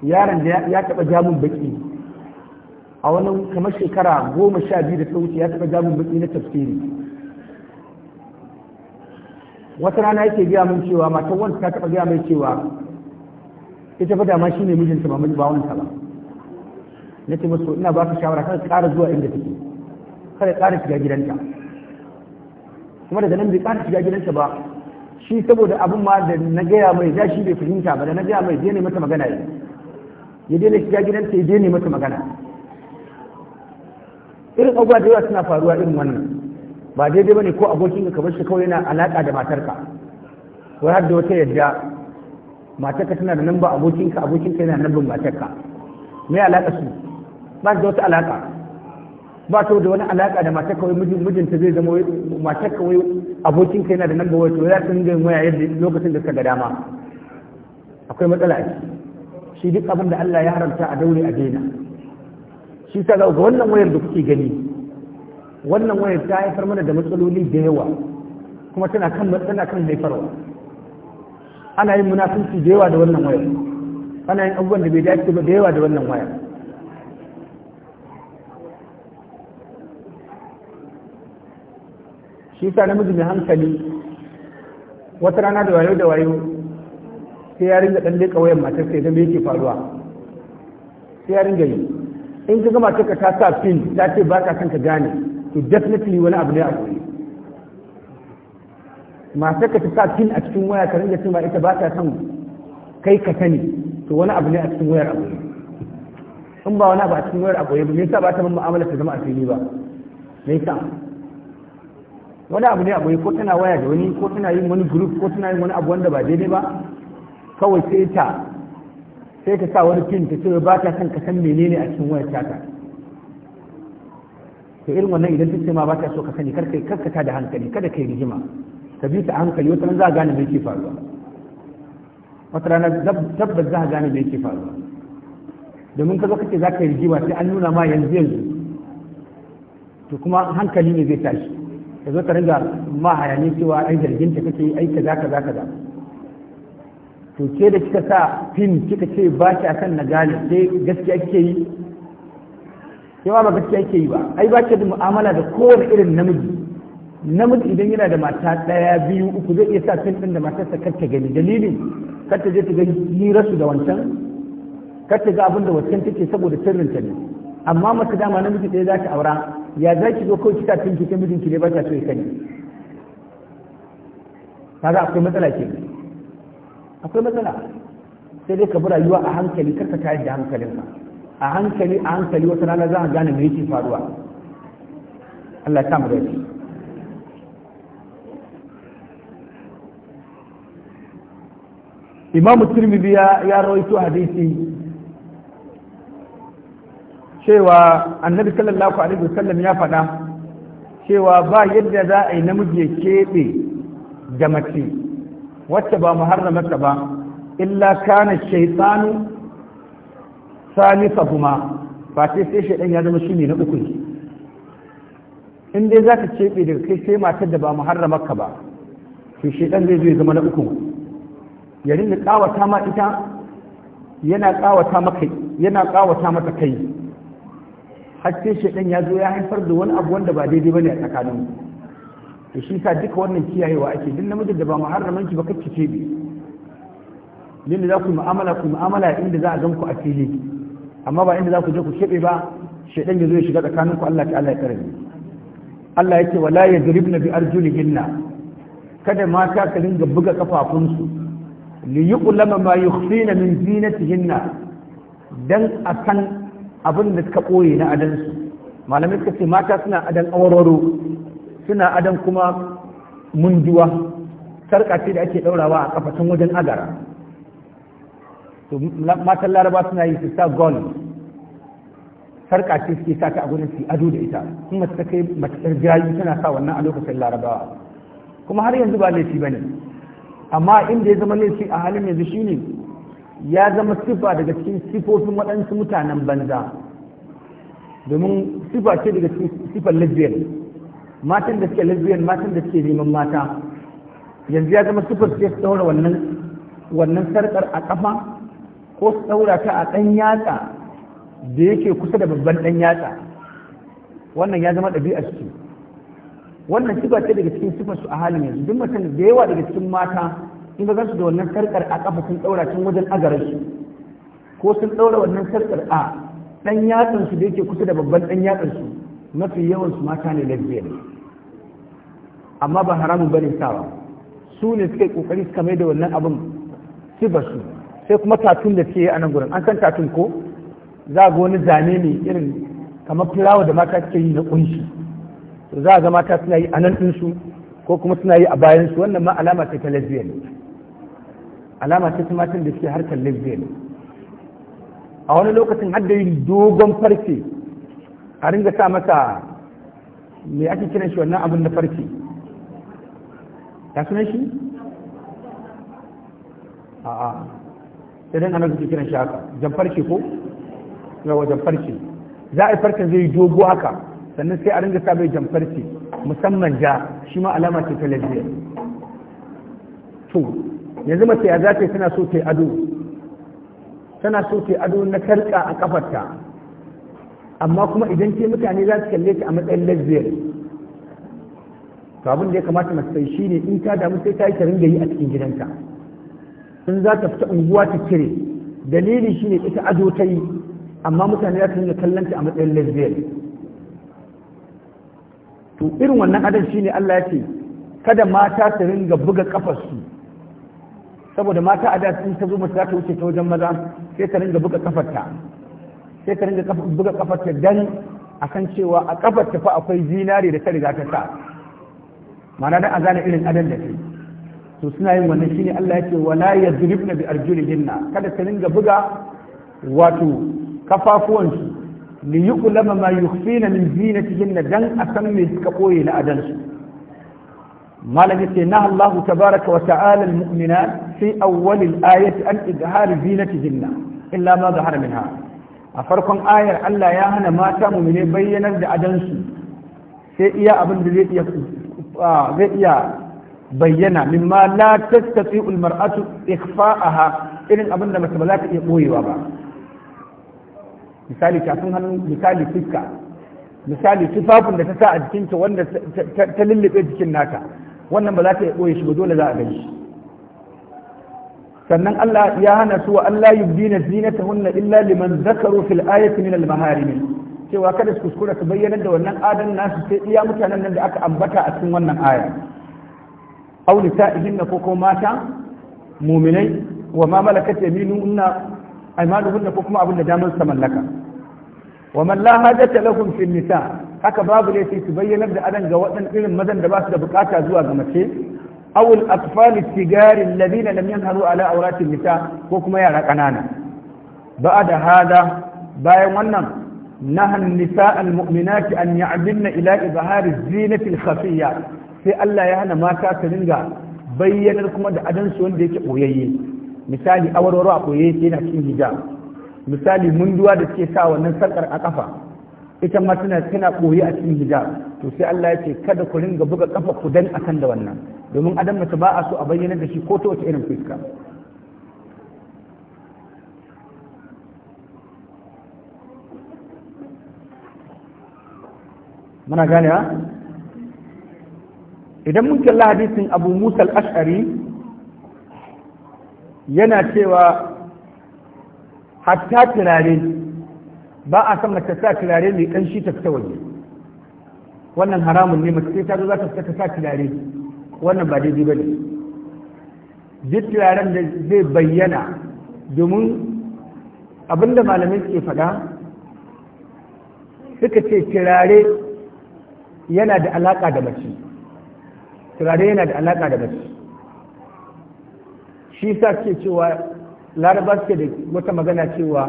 yaron da ya taba jamun baki a wani kamar shekara goma sha biyu da ta wuce ya taba jamun baki na tafsiri wata rana yake gaya min cewa matan wanda ta taba gaya mai cewa ita fa dama ne mijinta ba ba wanta ba na ce musu ina ba ka shawara kada ƙara zuwa inda take kada ƙara shiga gidanta kuma daga nan bai ƙara shiga gidansa ba shi saboda abin ma da na gaya mai za shi bai fahimta ba da na gaya mai daina mata magana yi ya daina shiga gidansa ya daina mata magana irin abubuwa da yawa suna faruwa irin wannan ba daidai ba ne ko abokin ka bar shi kawai yana alaƙa da matarka ko har da wata yadda matarka tana da nan ba abokinka abokinka yana nan ba matarka me alaƙa su ba da wata alaƙa ba ta da wani alaka da matar kawai mijinta zai zama matar kawai abokin kai yana da nan gawai to ya tun ga waya yadda lokacin da suka ga dama akwai matsala shi duk abin da Allah ya haramta a daure a daina shi ta ga wannan wayar da kuke gani wannan wayar ta haifar mana da matsaloli da yawa kuma tana kan matsala kan haifarwa ana yin munafunci da yawa da wannan wayar ana yin abubuwan da bai dace ba da yawa da wannan wayar shi sa namiji mai hankali wata rana da wayo da wayo sai ya ringa ɗan leƙa wayan matar sai zama yake faruwa sai ya ringa yi in ka gama cika ta sa pin ta ce ba ka san ka gane to definitely wani abu ne a koyi matar ka ta sa a cikin waya ka ringa cewa ita ba ta son kai ka sani to wani abu ne a cikin wayar a koyi in ba wani abu a cikin wayar a koyi ba me yasa ba ta mun mu'amala ta zama a fili ba me yasa wani abu ne abu ne ko tana waya da wani ko tana yin wani group ko tana yin wani abu wanda ba daidai ba kawai sai ta sai ta sa wani pin ta ce ba ta san ka san menene a cikin wayar ta to irin wannan idan ta ce ma ba ta so ka sani kar kai karkata da hankali kada kai rigima ka bi ta hankali wata ran za a gane me yake faruwa wata rana tabbas za a gane me yake faruwa domin ka zo kace za ka yi rigima sai an nuna ma yanzu yanzu to kuma hankali ne zai tashi ya zo ka riga ma hayanin cewa ai zargin ta kake ai kaza kaza kaza to ke da kika sa fim kika ce ba ki akan na gane sai gaskiya kike yi yawa ba gaskiya kike yi ba ai ba ki da mu'amala da kowane irin namiji namiji idan yana da mata daya biyu uku zai iya sa fim ɗin da matarsa sa ta gani dalilin kanta ta je ta gani ni rasu da wancan kar ga abin da wancan take saboda ta ne amma mace dama namiji ɗaya za ki aura ya za ki zo kawai kita tun ki mijin ne ba ta so ya sani kaga akwai matsala ke akwai matsala sai dai ka bi rayuwa a hankali kar ka tayar da ka a hankali a hankali wata rana za a gane me yake faruwa Allah ya samu da Imam Tirmidhi ya rawaito hadisi cewa annabi sallallahu alaihi wasallam ya faɗa cewa ba yadda za a yi namiji ya keɓe da mace wacce ba muharramarta ba illa kana shaitanu salisa kuma ba sai sai shaidan ya zama shine na uku in dai za ka keɓe daga kai sai matar da ba muharramarka ba to shaidan zai zo ya zama na uku ya da kawata ma ita yana kawata maka yana kawata mata kai har sai shaidan ya zo ya haifar da wani abu wanda ba daidai bane a tsakanin to shi sa duka wannan kiyayewa ake din namijin da ba muharraman ki ba kace ce bi yadda za ku mu'amala ku mu'amala inda za a gan ku a fili amma ba inda za ku je ku shebe ba shaidan ya zo ya shiga tsakanin ku Allah ta'ala ya karbi Allah yake wala yadribna bi arjulihinna kada mata ka dinga buga kafafunsu li yuqlama ma yukhfina min zinatihinna dan akan abin da suka ɓoye na adansu malamai suka ce mata suna adan awarwaro suna adan kuma munjuwa sarƙa ce da ake ɗaurawa a kafatan wajen agara matan laraba suna yi su sa gold sarƙa ce suke sa ta a gudun ado da ita kuma ta kai mace ɗar jayi suna sa wannan a lokacin larabawa kuma har yanzu ba laifi ba ne amma inda ya zama laifi a halin yanzu shine ya zama sifa daga cikin sifofin waɗansu mutanen banza domin sifa ce daga cikin sifar lesbian matan da suke lesbian matan da suke neman mata yanzu ya zama sifar ce su daura wannan wannan sarƙar a ƙafa ko su daura ta a ɗan yatsa da yake kusa da babban ɗan yatsa wannan ya zama ɗabi'a su wannan sifa ce daga cikin sifar su a halin yanzu duk mutum da yawa daga cikin mata in za su da wannan sarkar a kafa sun ɗaura tun wajen agarar su ko sun ɗaura wannan sarkar a ɗan yatsan da yake kusa da babban ɗan yatsan su mafi yawan mata ne lafiya ne amma ba haramun bane sawa su ne suka kokari suka mai da wannan abin sifar su sai kuma tatun da ke a nan gurin an san tatun ko za ga wani zane ne irin kamar filawa da mata suke yi na kunshi to za ga mata suna yi a nan ɗinsu ko kuma suna yi a bayansu wannan ma alama ce ta lesbian alama ce tumatin da suke harkar lesbian a wani lokacin har da yin dogon farce a ringa sa masa me ake kiran shi wannan abin da farce ya suna shi a'a sai dan ana suke kiran shi haka jan farce ko yawa farce. za a yi farcen zai yi dogo haka sannan sai a ringa sa mai farce musamman ja shi ma alama ce ta lesbian yanzu mace ya zace tana so ta ado tana so ta ado na karka a kafarta amma kuma idan ce mutane za su kalle ta a matsayin lesbian to abin da ya kamata mace sai shine in ta damu sai ta yi ta ringa yi a cikin gidanta in za ta fita unguwa ta kire dalili shine ita ado ta yi amma mutane za su yi kallon ta a matsayin lesbian to irin wannan adan shine Allah ya ce kada mata su ringa buga kafarsu saboda mata a da in ta zo mace za ta wuce ta wajen maza sai ta ringa buga kafarta sai ta ringa buga kafarta dan akan cewa a kafarta fa akwai zinare da ta riga ta sa ma'ana dan a gane irin adan da ke to suna yin wannan shine Allah yake wala yadribna bi arjulihinna kada ta ringa buga wato kafafuwansu li yuqlama ma yukhfina min zinatihinna dan a san me suka koye na adan su malami ce na Allah tabaraka wa ta'ala almu'minat fi awwal al-ayati an izhar zinatihinna illa ma zahara minha a farkon ayar Allah ya hana mata mu'mine bayyanar da adansu sai iya abin da zai iya zai iya bayyana mimma la tastati al-mar'atu ikhfa'aha irin abin da mace ba za ta iya boyewa ba misali kafin hannu misali fuska misali tufafin da ta sa a jikinta wanda ta lullube jikin nata wannan ba za ta ɓoye shi ba dole za a gani sannan Allah ya hana su wa Allah yubdina zinatahunna illa liman zakaru fil ayati min al maharim cewa kada su kuskura su bayyana da wannan adan nasu sai iya mutanen nan da aka ambata a cikin wannan aya aw nisa'ihinna ko kuma mata mu'minai wa ma malakat yaminuhunna aymanuhunna ko kuma abin da damar sa mallaka wa man la hajata lahum fil nisa' haka babu sai su bayyanar da adan ga waɗannan irin mazan da ba su da bukata zuwa ga mace awul atfal sigari ladina lam yanharu ala awratin nisa ko kuma yara kanana da hada bayan wannan nahan nisa almu'minati an ya'dinna ila izhari zinati khafiya sai Allah ya hana mata ta dinga bayyanar kuma da adan su wanda yake koyayye misali awarwaro a koyayye yana cikin hijab misali munduwa da suke sa wannan sarkar a kafa ita ma tana tana ɓoye a cikin hijab to sai Allah ya ce kada ku ringa buga kafa ku dan akan da wannan domin adam mace ba a so a bayyana da shi ko ta wace irin fuska muna gane ha idan mun kalla hadisin abu musa al-ash'ari yana cewa hatta turare ba a san mace sa turare mai shi ta fita waje wannan haramun ne mace sai ta zo za ta fita ta sa turare wannan ba daidai ba ne duk turaren da zai bayyana domin abinda malamai ke faɗa suka ce turare yana da alaƙa da mace turare yana da alaƙa da mace shi sa ke cewa laraba suke da wata magana cewa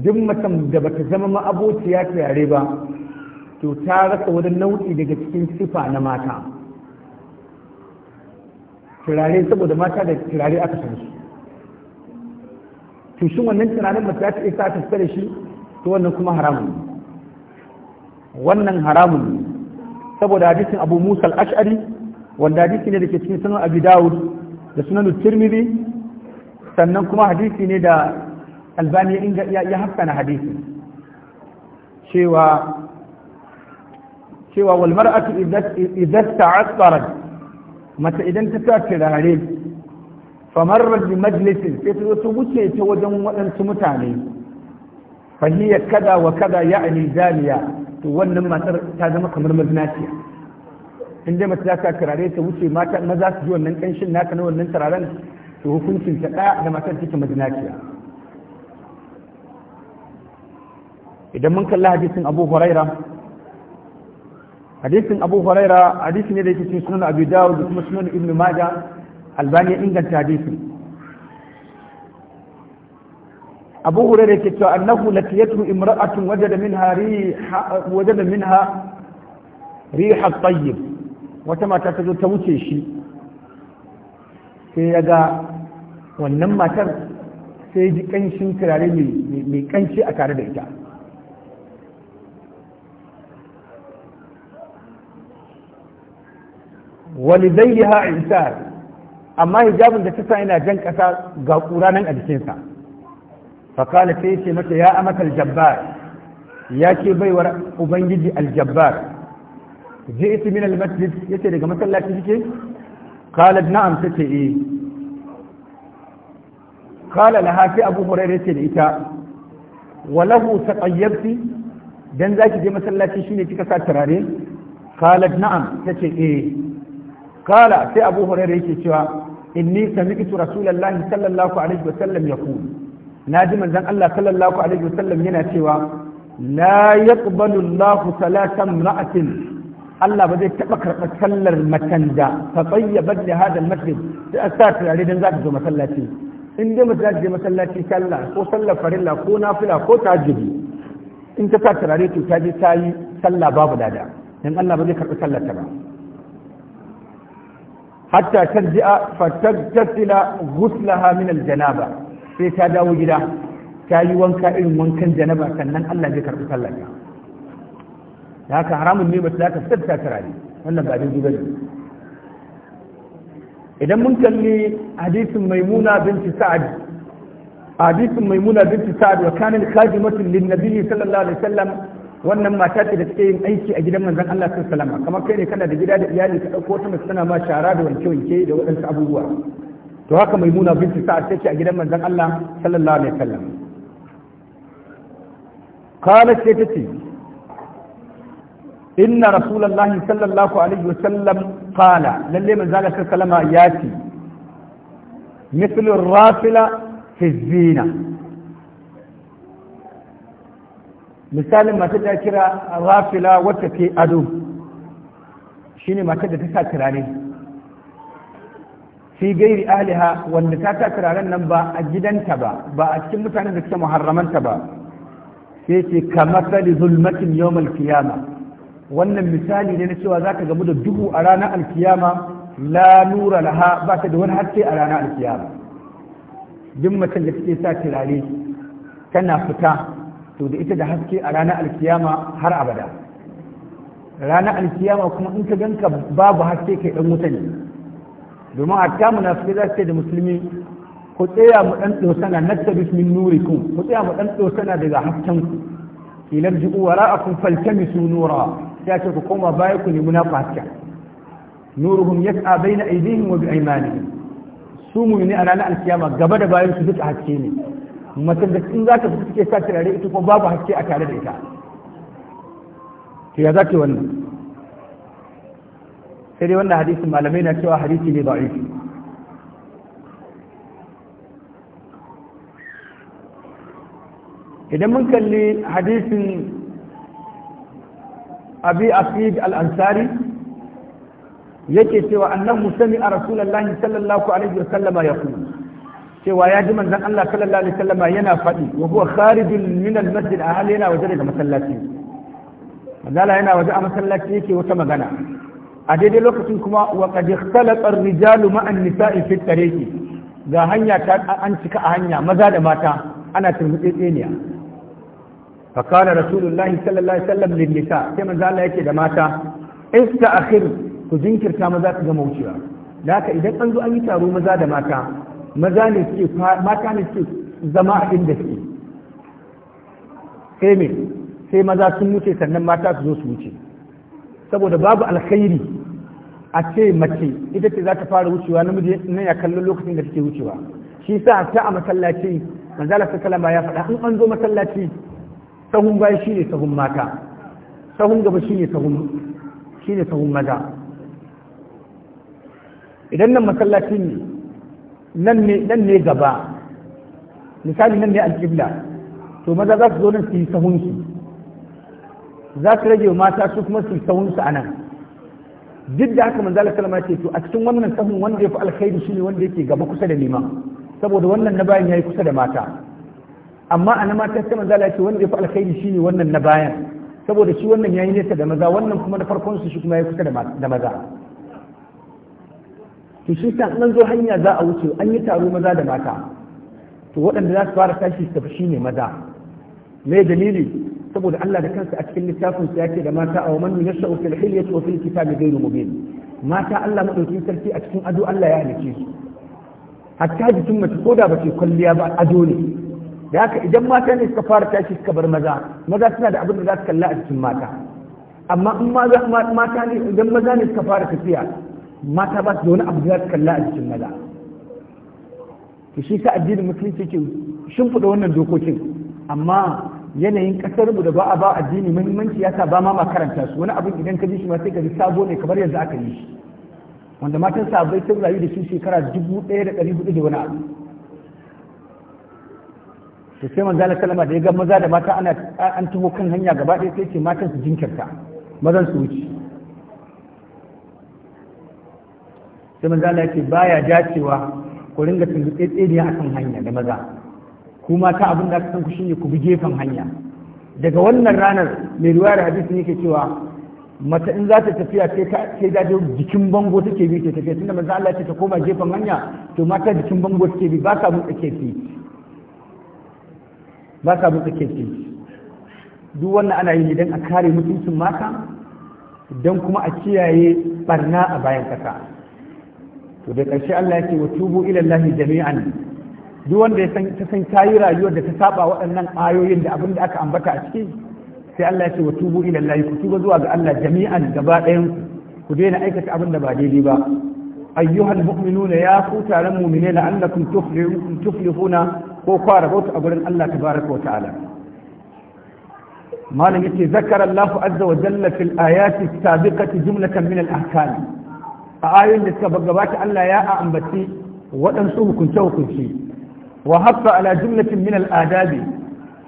duk macen da bata zama ma'abociya yare ba to ta rasa wani nau'i daga cikin sifa na mata turare saboda mata da turare aka san su to shin wannan tunanin mace ta isa ta fita da shi to wannan kuma haramun wannan haramun saboda hadisin Abu Musa al-Ash'ari wanda hadisi ne da ke cikin sunan Abi Dawud da sunan Tirmidhi sannan kuma hadisi ne da albani ya hassana hadisi cewa cewa wal mar'atu idza ta'assarat mata idan ta ta turare famarrat bi majlisin sai ta ta wuce ta wajen waɗansu mutane fahiya kada wa kada ya'ni zaniya to wannan matar ta zama kamar mazinaciya in dai mace za ta turare ta wuce mata maza su ji wannan kanshin naka na wannan turaren to hukuncin ta ɗaya da matar take mazinaciya idan mun kalli hadisin abu huraira hadisin abu huraira hadisi ne da yake cikin sunan abu dawud da kuma sunan ibn majah albani ya inganta hadisin abu huraira yake cewa annahu latiyatu imra'atun wajada minha riha wajada minha riha tayyib wata mata ta zo ta wuce shi sai ya ga wannan matar sai ji kanshin turare mai kanshi a tare da ita wani zaili ha isar amma hijabin da ta sa yana jan ƙasa ga ƙura nan a jikinsa fakala sai ce mata ya amata aljabbar ya ce baiwar ubangiji aljabbar je isi min almasjid ya ce daga masallaci kike kalat na'am ta ce eh kala laha sai abu hurairu ce da ita walahu taqayyabti dan ki je masallaci shine kika sa turare kalat na'am ta ce eh kala sai abu hurairah yake cewa inni sami'tu rasulullahi sallallahu alaihi wasallam yaqul naji manzon Allah sallallahu alaihi wasallam yana cewa la yaqbalu Allahu salatan ra'atin Allah ba zai taɓa karɓar sallar macen da ta tsayyabar da hadal masjid da a sa turare don za ta zo masallaci in dai za ta je masallaci sallah ko sallar farilla ko nafila ko tahajjudi in ta sa turare to ta je ta yi sallah babu dada dan Allah ba zai karɓi sallar ta ba حتى ترجع فتغتسل غسلها من الجنابة في هذا وجدا كاي وانكا إن وانكا جنابة كنن الله جكر بطلع لك حرام من ميبت لك ستبتا ترالي فلن بعد جبل إذا ممكن لي حديث ميمونة بنت سعد حديث ميمونة بنت سعد وكان الخادمة للنبي صلى الله عليه وسلم wannan mata ce da take yin aiki a gidan manzon Allah sallallahu alaihi wasallam kamar kai ne kana da gida da iyali ka dauko ta mace tana ma shara da wanke wanke da waɗansu abubuwa to haka maimuna binti sa'ad take a gidan manzon Allah sallallahu alaihi wasallam qalat sai tace inna rasulullahi sallallahu alaihi wasallam qala lalle manzon Allah sallallahu alaihi wasallam ya ce mithlu rafila fi zina misalin mata ta kira rafila wacce ke ado shine mata da ta sa turare fi gairi aliha wanda ta sa turaren nan ba a gidanta ba ba a cikin mutanen da suke muharramanta ba sai ce kamasali zulmatin yawmal kiyama wannan misali ne na cewa za ka gamu da duhu a ranar alkiyama la nura laha ba ta da wani haske a ranar alkiyama duk macen da take sa turare tana fita to da ita da haske a ranar alkiyama har abada ranar alkiyama kuma in ka ganka babu haske kai dan wuta ne domin ta munafiki za ce da musulmi ku tsaya mu dan dosana nastabis min nurikum ku tsaya mu dan dosana daga hasken ku ilar ji'u wara'akum faltamisu nura ya ce ku koma baya ku nemi naku hasken nuruhum yas'a baina aydihim wa bi bi'aymanihim su mu ne a ranar alkiyama gaba da bayan su duka haske ne mace da in za ta fi suke sa turare ita ko babu haske a tare da ita to ya za ta wannan sai dai wannan hadisin malamai na cewa hadisi ne ba aiki idan mun kalli hadisin abi asid al-ansari yake cewa annahu a rasulullahi sallallahu alaihi wa sallama kuma. cewa ya ji manzan Allah sallallahu alaihi wasallam yana faɗi wa huwa kharijun min al masjid a hali yana waje daga masallaci manzala yana waje a masallaci yake wata magana a daidai lokacin kuma wa qad ikhtalaqa ar-rijalu ma an-nisa'i fi tariqi ga hanya ta an cika a hanya maza da mata ana turmutsetseniya فقال رسول الله صلى الله عليه وسلم للنساء كما قال لك da mata استأخر ku jinkirta maza su ga mauciya da idan an zo an yi taro maza da mata maza ne suke mata ne suke zama a inda suke sai me sai maza sun wuce sannan mata su zo su wuce saboda babu alkhairi a ce mace ita ce za ta fara wucewa namiji nan ya kallon lokacin da take wucewa shi sa ta a masallaci alaihi wasallam ya faɗa in an zo masallaci sahun baya shine sahun mata sahun gaba shine sahun shine sahun maza idan nan masallaci ne nan ne gaba misali nan ne alƙibla to maza za su zo nan su yi sahunsu za su rage mata su kuma su yi sahunsu a nan duk da haka manzala salama ce to a cikin wannan sahun wanda ya fi alkhairi shi ne wanda yake gaba kusa da neman saboda wannan na bayan ya yi kusa da mata amma a na mata sai manzala ce wanda ya fi alkhairi shi ne wannan na bayan saboda shi wannan ya yi nesa da maza wannan kuma na farkon su shi kuma ya yi kusa da maza to shi sa an zo hanya za a wuce an yi taro maza da mata to waɗanda za su fara tashi su tafi ne maza me dalili saboda Allah da kansa a cikin littafin sa yake da mata a man yashau fil hilyati wa fil kitabi ghayru mubin mata Allah madaukakin sarki a cikin ado Allah ya halice su hatta jikin mace ko da bace kwalliya ba ado ne da haka idan mata ne suka fara tashi suka bar maza maza suna da abin da za su kalla a cikin mata amma in maza mata ne idan maza ne suka fara tafiya mata ba su da wani abu da su kalla a jikin maza to shi ka addinin musulunci ke shimfiɗa wannan dokokin amma yanayin kasar mu da ba a ba addini muhimmanci ya sa ba ma ma karanta su wani abin idan ka ji shi ma sai ka ji sabo ne kamar yanzu aka yi shi wanda matan sabai sun rayu da shi shekara dubu ɗaya da ɗari hudu da wani abu to sai manzo Allah sallama da ya ga maza da mata ana an taho kan hanya gaba ɗaya sai ce matan su jinkirta mazan su wuce sai maza Allah ba ya dacewa ku ringa a akan hanya da maza ku mata abin da aka san ku shine ku bi gefen hanya daga wannan ranar mai ruwa da hadisi yake cewa mace in za ta tafiya sai ta je jikin bango take bi ta tafiya tunda maza Allah ce ta koma gefen hanya to mata jikin bango take bi ba ka mun tsake ki ba ka mun tsake ki duk wannan ana yi idan a kare mutuncin mata dan kuma a kiyaye barna a bayan kasa to da ƙarshe Allah ya ce wa tubu jami'an duk wanda ya san ta san tayi rayuwar da ta saba waɗannan ayoyin da abin da aka ambata a ciki sai Allah ya ce wa tubu ku tuba zuwa ga Allah jami'an gaba ɗayan ku daina aikata abin da ba daidai ba ayyuhan mu'minuna ya ku taron mu'mine la'allakum tuflihuna ko kwara bauta a gurin Allah tabaraka wa ta'ala malam yace zakara Allah azza wa jalla fil ayati sabiqati jumlatan min al ahkam a ayoyin da suka gabata Allah ya ambaci waɗansu hukunce-hukunce wa hafsa ala jumlatin min al'adabi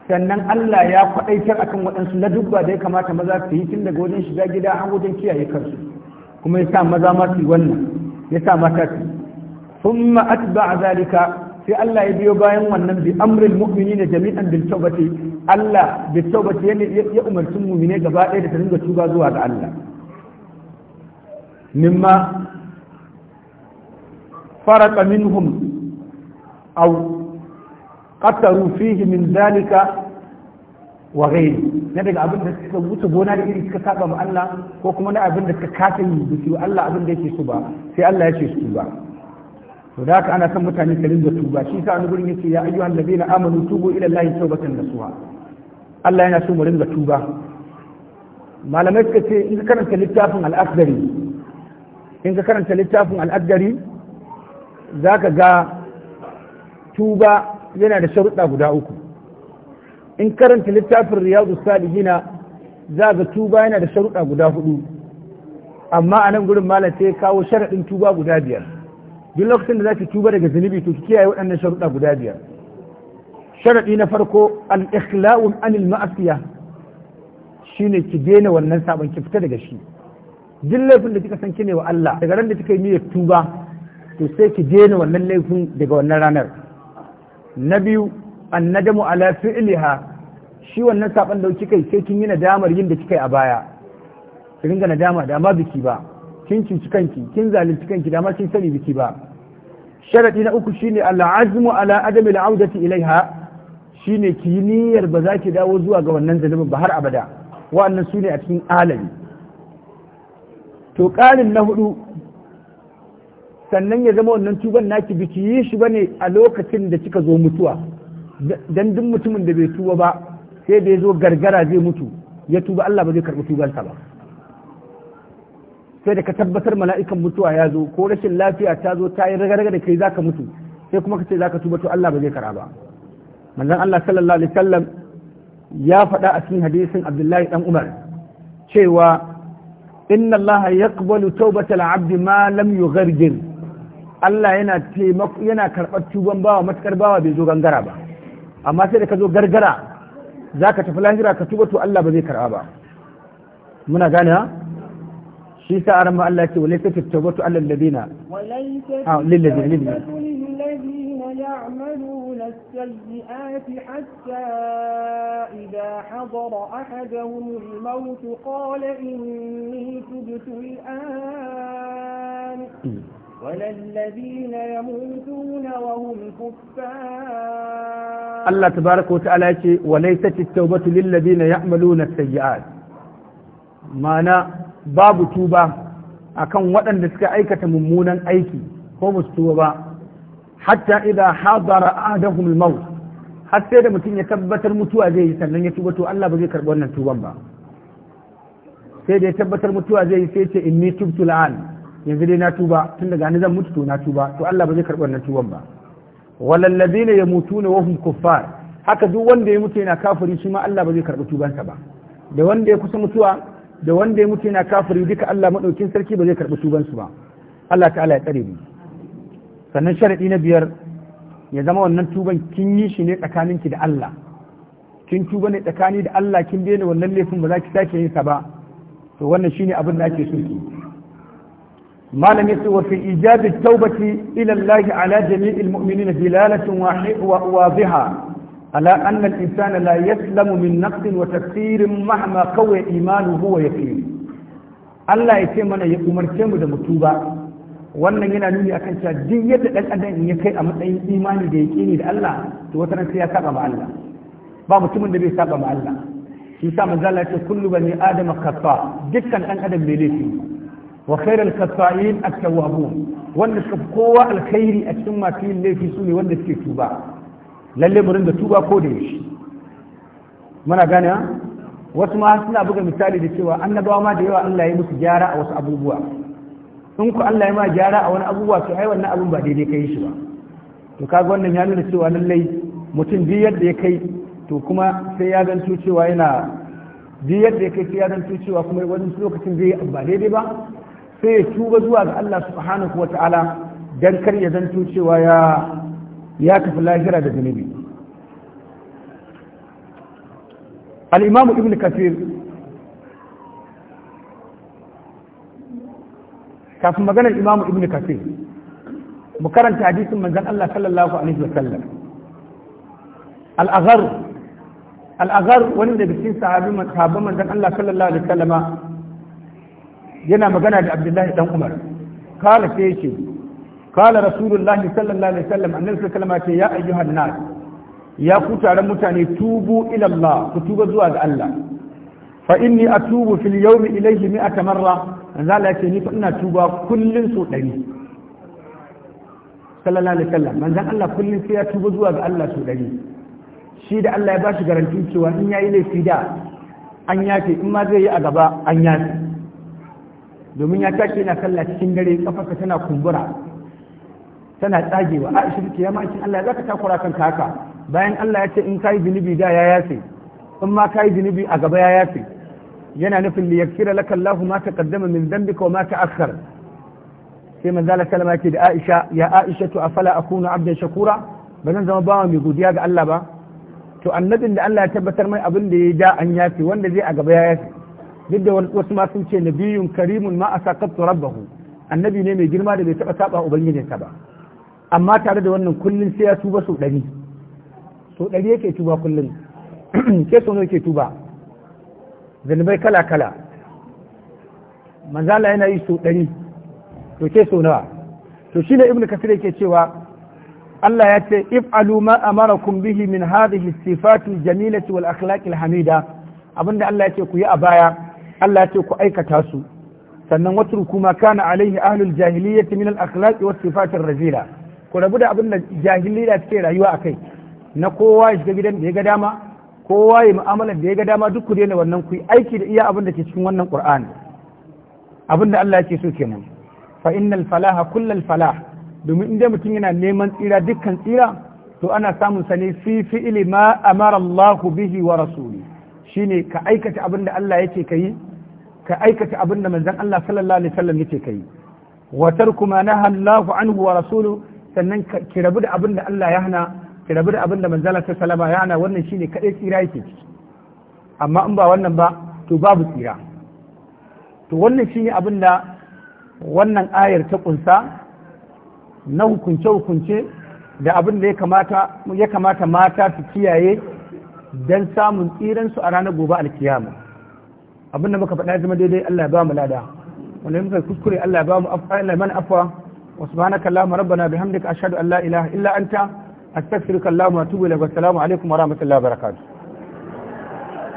sannan Allah ya kwaɗaitar akan waɗansu ladubba da ya kamata maza su yi tun daga wajen shiga gida an wajen kiyaye kansu kuma ya sa maza ma su wannan ya sa mata su thumma atba zalika sai Allah ya biyo bayan wannan bi mu'mini mu'minina jami'an bil tawbati Allah bil tawbati ya umarci mu'mine gaba ɗaya da ta dinga tuba zuwa ga Allah مما فرق منهم أو قتلوا فيه من ذلك وغيره نبي أبن ذلك سبوت بونا لإيه كتابة مع الله وكما نبي أبن ذلك كاتل الله أبن ذلك سبا في الله يشي سبا وذاك أنا سمت عن كلمة توبة شيسا نقول نسي يا أيها الذين آمنوا توبوا إلى الله توبة نسوها الله ينسوا مرنزة توبة ما لم يتكتل إذا كانت لتافن الأكبرين in ka karanta littafin al'adari za ka ga tuba yana da sharuɗa guda uku in karanta littafin riyadu salihina za ga tuba yana da sharuɗa guda hudu amma a nan gurin malam sai kawo sharaɗin tuba guda biyar duk lokacin da za ki tuba daga zunubi to ki kiyaye waɗannan sharuɗa guda biyar sharaɗi na farko al-ikhla'u anil ma'asiya shine ki daina wannan sabon ki fita daga shi duk laifin da kika san kine wa Allah daga ran da kika yi niyyar tuba to sai ki dena wannan laifin daga wannan ranar na biyu annadamu ala fi'liha shi wannan saban da kika yi sai kin yi nadamar yin da kika yi a baya ki ringa nadama da ma biki ba kin cuci kanki kin zalunci kanki da ma kin sani biki ba sharadi na uku shine al'azmu ala adami al'audati ilaiha shine ki niyyar ba za ki dawo zuwa ga wannan zalimin ba har abada wa'annan su ne a cikin alami to ƙarin na hudu sannan ya zama wannan tuban naki biki yi shi bane a lokacin da kika zo mutuwa dan duk mutumin da bai tuba ba sai da ya zo gargara zai mutu ya tuba Allah ba zai karɓi tubansa ba sai da ka tabbatar mala'ikan mutuwa ya zo ko rashin lafiya ta zo ta yi raga da kai zaka mutu sai kuma ka ce zaka tuba to Allah ba zai kara manzon Allah sallallahu alaihi wasallam ya faɗa a cikin hadisin Abdullahi dan Umar cewa inna allaha yaqbalu tawbatal abdi ma lam yughargir Allah yana taimako yana karɓar tuban bawa matakar bawa bai zo gangara ba amma sai da ka zo gargara zaka tafi lahira ka tuba to Allah ba zai karɓa ba muna gane ha shi sa aran Allah ce walaysa tawbatu alal ladina walaysa lil ladina ya'maluna السيئات حتى إذا حضر أحدهم الموت قال إني تبت الآن ولا الذين يموتون وهم كفار الله تبارك وتعالى وليست التوبة للذين يعملون السيئات معنى باب توبة akan waɗanda suka aikata mummunan aiki ko ba su tuba ba hatta idan hadara ahadahum al-maut har sai da mutum ya tabbatar mutuwa zai yi sannan ya tuba to Allah ba zai karbi wannan tuban ba sai da ya tabbatar mutuwa zai yi sai ce inni tubtu la'an yanzu dai na tuba tun daga ni zan mutu to na tuba to Allah ba zai karbi wannan tuban ba walal ladina yamutuna wa hum kuffar haka duk wanda ya mutu yana kafiri shi ma Allah ba zai karbi tuban sa ba da wanda ya kusa mutuwa da wanda ya mutu yana kafiri duka Allah madaukin sarki ba zai karbi tuban su ba Allah ta'ala ya tsare mu sannan sharaɗi na biyar ya zama wannan tuban kin yi shi ne tsakaninki da Allah kin tuba ne tsakani da Allah kin daina wannan laifin ba za ki sake yin sa ba to wannan shine abin da ake so ki malam yace wa fi ijab at ila Allah ala jami' al-mu'minina dilalatun wadhiha ala anna al-insana la yaslamu min naqs wa takfir mahma qawa imanuhu wa yaqin Allah mana ya umarce mu da mutuba wannan yana nuni akan cewa duk yadda ɗan adam ya kai a matsayin imani da ya ƙini da Allah to wata ran sai ya saba ma Allah ba mutumin da bai saba ma Allah shi sa manzo Allah ya ce kullu bani adama khata dukkan ɗan adam bai laifi wa khairul khata'in at-tawwabun wanda su kowa alkhairi a cikin masu yin laifi su ne wanda suke tuba lalle mu rinda tuba ko da yaushe muna gane wasu ma suna buga misali da cewa annabawa ma da yawa Allah ya yi musu gyara a wasu abubuwa in ku Allah ya ma gyara a wani abubuwa to ai wannan abun ba daidai kai shi ba to kaga wannan ya nuna cewa lallai mutum duk yadda ya kai to kuma sai ya ganto cewa yana duk yadda ya kai sai ya ganto cewa kuma wani lokacin zai yi ba daidai ba sai ya tuba zuwa ga Allah subhanahu wata'ala dan kar ya zanto cewa ya ya tafi lahira da zunubi al-imamu ibnu kathir kafin maganar imamu ibnu kafir mu karanta hadisin manzan Allah sallallahu alaihi wa sallam al-aghar al-aghar wani daga cikin sahabi sahabban manzon Allah sallallahu alaihi wa sallama yana magana da Abdullahi dan Umar kala sai ce kala rasulullahi sallallahu alaihi wa sallam annabi sallallahu alaihi ya ayyuhan nas ya ku taron mutane tubu ilallah ku tuba zuwa ga Allah fa inni atubu fil yawmi ilayhi mi'ata marra zala ya ce ni fa ina tuba kullun su ɗari sallallahu alaihi wasallam manzo Allah kullun sai ya tuba zuwa ga Allah su ɗari shi da Allah ya ba shi garantin cewa in yayi laifi da an yace in ma zai yi a gaba an yace domin ya tashi yana sallah cikin dare kafarka tana kumbura tana tsagewa Aisha take ya in Allah ya zaka takura kanka haka bayan Allah ya ce in kai zinubi da ya yace in ma kai zinubi a gaba ya yace yana nufin liyakira laka Allah ma taqaddama min dambika wa ma ta'akhkhar sai manzo Allah sallama yake da Aisha ya Aisha to afala akunu abdan shakura ba zan zama bawa mai godiya ga Allah ba to annabin da Allah ya tabbatar mai abin da ya da an yafi wanda zai a gaba ya yafi duk da wasu ma sun ce nabiyun karimun ma asaqatu rabbahu annabi ne mai girma da bai taba saba ubangijinsa ba amma tare da wannan kullun sai ya tuba sau ɗari sau ɗari yake tuba kullun ke ne yake tuba zunubai kala-kala manzala yana yi so ɗari to ke so nawa to shi ne ibn kasir yake cewa Allah ya ce if aluma kun bihi min hadhihi sifati jamilati wal akhlaqi al hamida abinda Allah ya ce ku yi a baya Allah ya ce ku aikata su sannan wata kuma kana alaihi ahlul jahiliyyati min al akhlaqi was sifati razila ku rabu da abinda jahiliya suke rayuwa akai na kowa ya shiga gidan da ya ga dama kowa ya mu'amalar da ya ga dama duk ku daina wannan ku aiki da iya abin da ke cikin wannan qur'ani abin da Allah yake so kenan fa innal falaha kullal falah domin inda mutum yana neman tsira dukkan tsira to ana samun sa ne fi fi'li ma amara Allah bihi wa rasuli shine ka aikata abin da Allah yake kai ka aikata abin da manzon Allah sallallahu alaihi wasallam yake kai wa tarku ma naha anhu wa rasuluhu sannan ki rabu da abin da Allah ya hana ki da abin da manzala ta salama ya ana wannan shine kaɗai tsira yake amma in ba wannan ba to babu tsira to wannan shine abin da wannan ayar ta kunsa na hukunce-hukunce da abin da ya kamata mata su kiyaye don samun tsiransu a ranar gobe alkiyama abin da muka faɗa zama daidai Allah ya ba mu lada wanda muka kuskure Allah ya ba mu Wasu ba na kalla ma rabba na bihamdika ashhadu an Allah ilaha anta أستغفرك الله وأتوب إليك والسلام عليكم ورحمة الله وبركاته